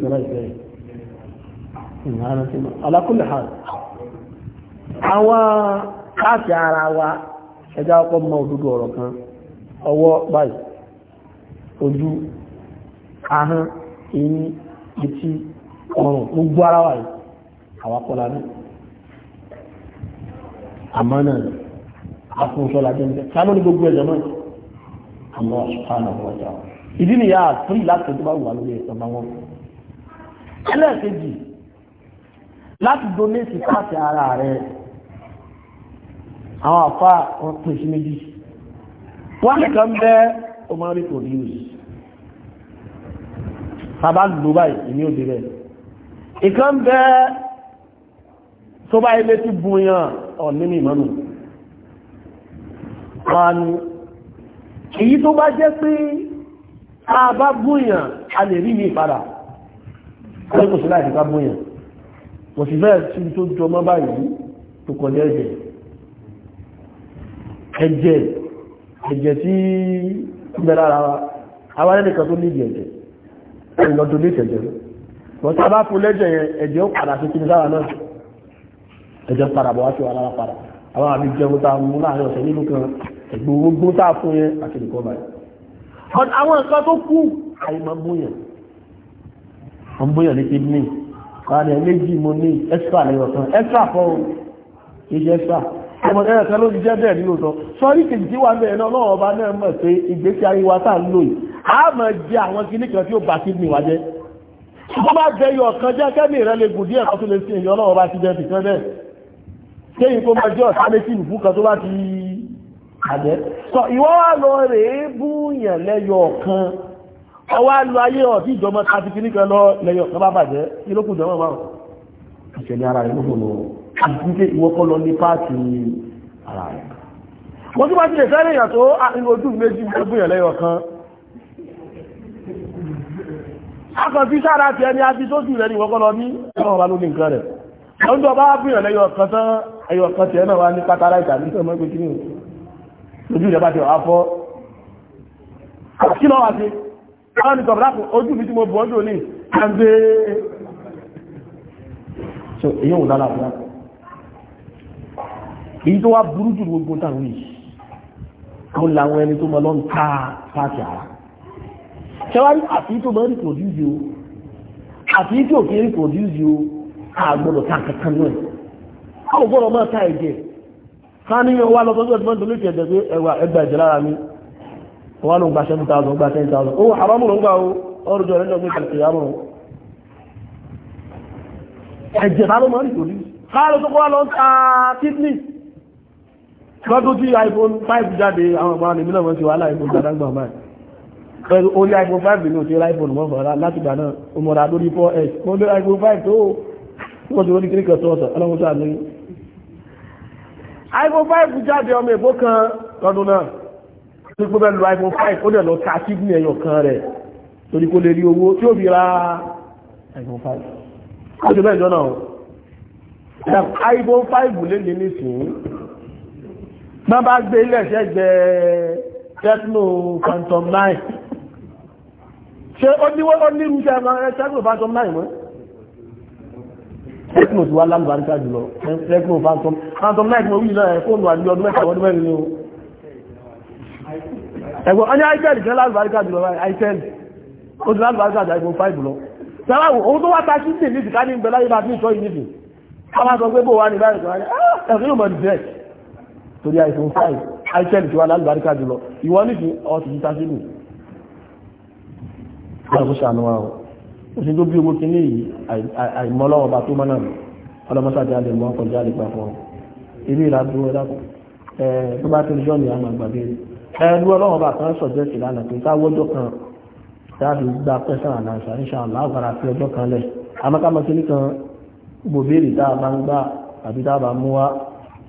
ha àwọn ara wa ẹjá ọkọ̀ mọ́ òdúdó ọ̀rọ̀ kan ọwọ́ báyìí ojú ahọ́n eyín etí ọrùn gbogbo ara wa yìí àwọn akọ́lá ní àmọ́ náà afúnṣọ́lá jẹ́ níbẹ̀ sáà lórí gbogbo ẹ̀jẹ̀ náà àmọ́ ṣùkánà wọ́n jà wọ́n ìdí nìyá àtúrí láti tó bá wà lórí ẹ̀sọ́ máa wọ́n ẹlẹ́ẹ̀kejì láti donate káàtì ara rẹ̀ àwọn àfa wọn pèsè méjì wọ́n nìkan bẹ́ẹ̀ o máa rí produce sábà lò báyìí ìní òde rẹ̀ ìkan bẹ́ tó bá ilé tí buyan ọ̀ní ní ìmọ̀nù wani èyí tó bá jẹ́ pé a bá buyan a lè rí ní ìpadà ó kò sí láti ká buyan kò sí bẹ́ẹ̀ tí tó jọ mọ́ báyìí tó kọjá ẹ̀jẹ̀ ẹ̀jẹ̀ ẹ̀jẹ̀ tí mẹ́ra ara tó ní ìjẹ̀jẹ̀ ẹ̀yìn lọ́dọ̀ lè tẹ̀jẹ̀ wọ́n tí a bá fún lẹ́jẹ̀ yẹn ẹ̀jẹ̀ ó padà sí kí ní sára náà ẹ̀jẹ̀ padà bọ̀ wá sí wa lára padà àwọn àbí jẹun tá a mú láàrin ọ̀sẹ̀ nínú kan ẹ̀gbọ́n gbogbo tá a fún yẹn àti nìkan báyìí but àwọn nǹkan tó kù àìmọ̀ bóyàn wọ́n bóyàn ní kidney láàrin ẹ̀lẹ́jì mo ní extra lẹ́yọ̀ kan extra fọ́ o ìjẹ́ extra ọmọ ẹ̀rọ kan ló ti jẹ́ bẹ́ẹ̀ nínú sọ sọ́rí kejì tí wà bẹ́ẹ̀ náà ọlọ́wọ́ ọba náà mọ̀ pé ìgbésí ayé wa tá a ń lò yìí a mọ̀ jẹ́ àwọn kìíní kan tí ó bá kìíní wá jẹ́ tó bá jẹ́ yọ ọ̀kan jẹ́ kẹ́mì rẹ lè gùn díẹ̀ kan tó lè sí èyàn náà bá ti jẹ́ tìkan bẹ́ẹ̀ kéyìn kó máa jẹ́ ọ̀sán létí ìlú kan tó bá ti àjẹ́ sọ ìwọ́ wà lọ rèé búyàn lẹ́yọ ọ̀kan ọwọ́ á lo ayé ọ̀tí ìjọmọ tàbí kìíní kan lọ lẹ́yọ ọ̀kan wọ́n tó bá ti lè fẹ́rẹ̀ èèyàn tó inú méjì gbúyàn lẹ́yọ ọ̀kan akọ̀bí sára ti ẹni àti tó jù rẹ̀ ní ìwọ́kọ́ lọ ní ọ̀rọ̀ wa ló ní nǹkan rẹ̀ lọ́jọ́ bá bìyàn lẹ́yọ ọ̀kan tán ẹyọ ọ̀kan tiẹ̀ náà wá ní pátá láìka ní sọmọ ẹgbẹ́ kìíní ojú rẹ̀ bá ti wà fọ́ kí lọ́ wá sí wọ́n ní sọ̀rọ̀ lápò ojú mi tí mo bọ́ jò ní kàńgbé so èyí ò lára fún èyí tó wá burú jù gbogbo táwọn yìí àwọn làwọn ẹni tó mọ lọ́n ta pàtì ara ṣẹ́wárí àti tó mọ́ rìpòdúsì o àti tí ò fi rìpòdúsì o àgbọ̀dọ̀ ta kankan náà a ò gbọ́dọ̀ máa ta ẹ̀jẹ̀ káníyàn wá lọ sọ́jọ́ ìdíwọ́n dolóòtì ẹ̀jẹ̀ pé ẹwà ẹgbà ẹ̀jẹ̀ lára mi wọ́n ló ń gba seven thousand gba ten thousand owó àbámu ló ń gbà o ọrùn jọ ẹ̀jẹ̀ gbé kàlùkì yàrá o ẹ̀jẹ̀ ta ló mọ́ rìpòdúsì káàlù tó kọ́ lọ ta kidney lọ́dún tí iPhone five jáde àwọn ọmọ àlèmí náà wọ́n ti wàhálà iPhone dáadáa gbà báyìí pẹ̀lú orí iphone five nínú ti iphone mọ́ fọ́nra láti gbà náà O mọ̀ra lórí 4 s mo lórí iphone five tó wọ́n ti lórí kiri kan sọ̀rọ̀ ọlọ́run sáà ní. iphone 5 jáde ọmọ èkó kan lọ́dún náà tí kò bẹ́ẹ̀ lu iphone 5, ó dẹ̀ lọ ta kídìní ẹ̀yọ̀ kan rẹ̀ torí kò lè rí owó tí ó fi ra iphone five. ó ti bẹ́ẹ̀ jọ náà iphone 5, lè ní nísìnyí. má bá gbé ilé ẹ̀ṣẹ́ tẹ́kínò phantom 9 ṣe ó ní wọ́n ní irúṣẹ́ tẹ́kínò phantom 9 mọ́ tẹ́kínò tí wá lágbàríkà jùlọ tẹ́kínò phantom phantom 9 mọ́ wí náà fóònù àti ọdún mẹ́ta ọdún mẹ́rin ni ó ẹ̀gbọ́n ọjọ́ àìtẹ́lì kan lágbàríkà jùlọ àìtẹ́lì ó ti lágbàríkà jù iPhone 5 lọ sẹ́wàwò ohun tó wá ta sí ìsìn níbi ká ní ìbẹ̀lá yìí bá fi ìṣọ́ ìníbi a máa sọ pé bó wà ní báyìí kan ẹ̀rí ò mọ̀ ní bẹ́ẹ̀ torí iPhone 5 àìsẹ́lì tí wà lálùbáríkà jùlọ ìwọ ní fún ọ̀sìn títà sínú àgbóṣà ànúwà ọ̀ ó sì tó bí owó kíní yìí àìmọ́lọ́wọ́ba tó mọ́nà ọlọ́mọ́sáàdì alẹ́ mọ́ ọkọ̀ jáde papọ̀ ilé ìlàdúró ẹ̀dàpọ̀ tó bá tó jọ́ ní àwọn àgbàgbé ẹ̀rú ọlọ́wọ́ba kan sọ̀jẹ́ sí lánàá pé táwọ́jọ́ kan láti gba pẹ́sàn àlàáṣà ń ṣàlá ọ̀gbàrà fi ọjọ́ kan lẹ̀ amákàmọ́ kíní kan gbòbéèrè tá a bá ń gbà àbí tá a bá mú wá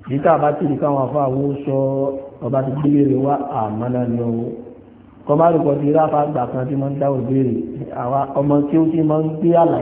èyí tá a bá tìrì káwọn afọ àwọn ó sọ ọba ti gbélé rẹ̀ wá àmọ́lá ni ọwọ́ kọ́ bá rúkọ ti ráfà àgbà kan tí wọ́n ń dáwọ̀ béèrè àwọn ọmọ tí ó ti máa ń gbé àlàyé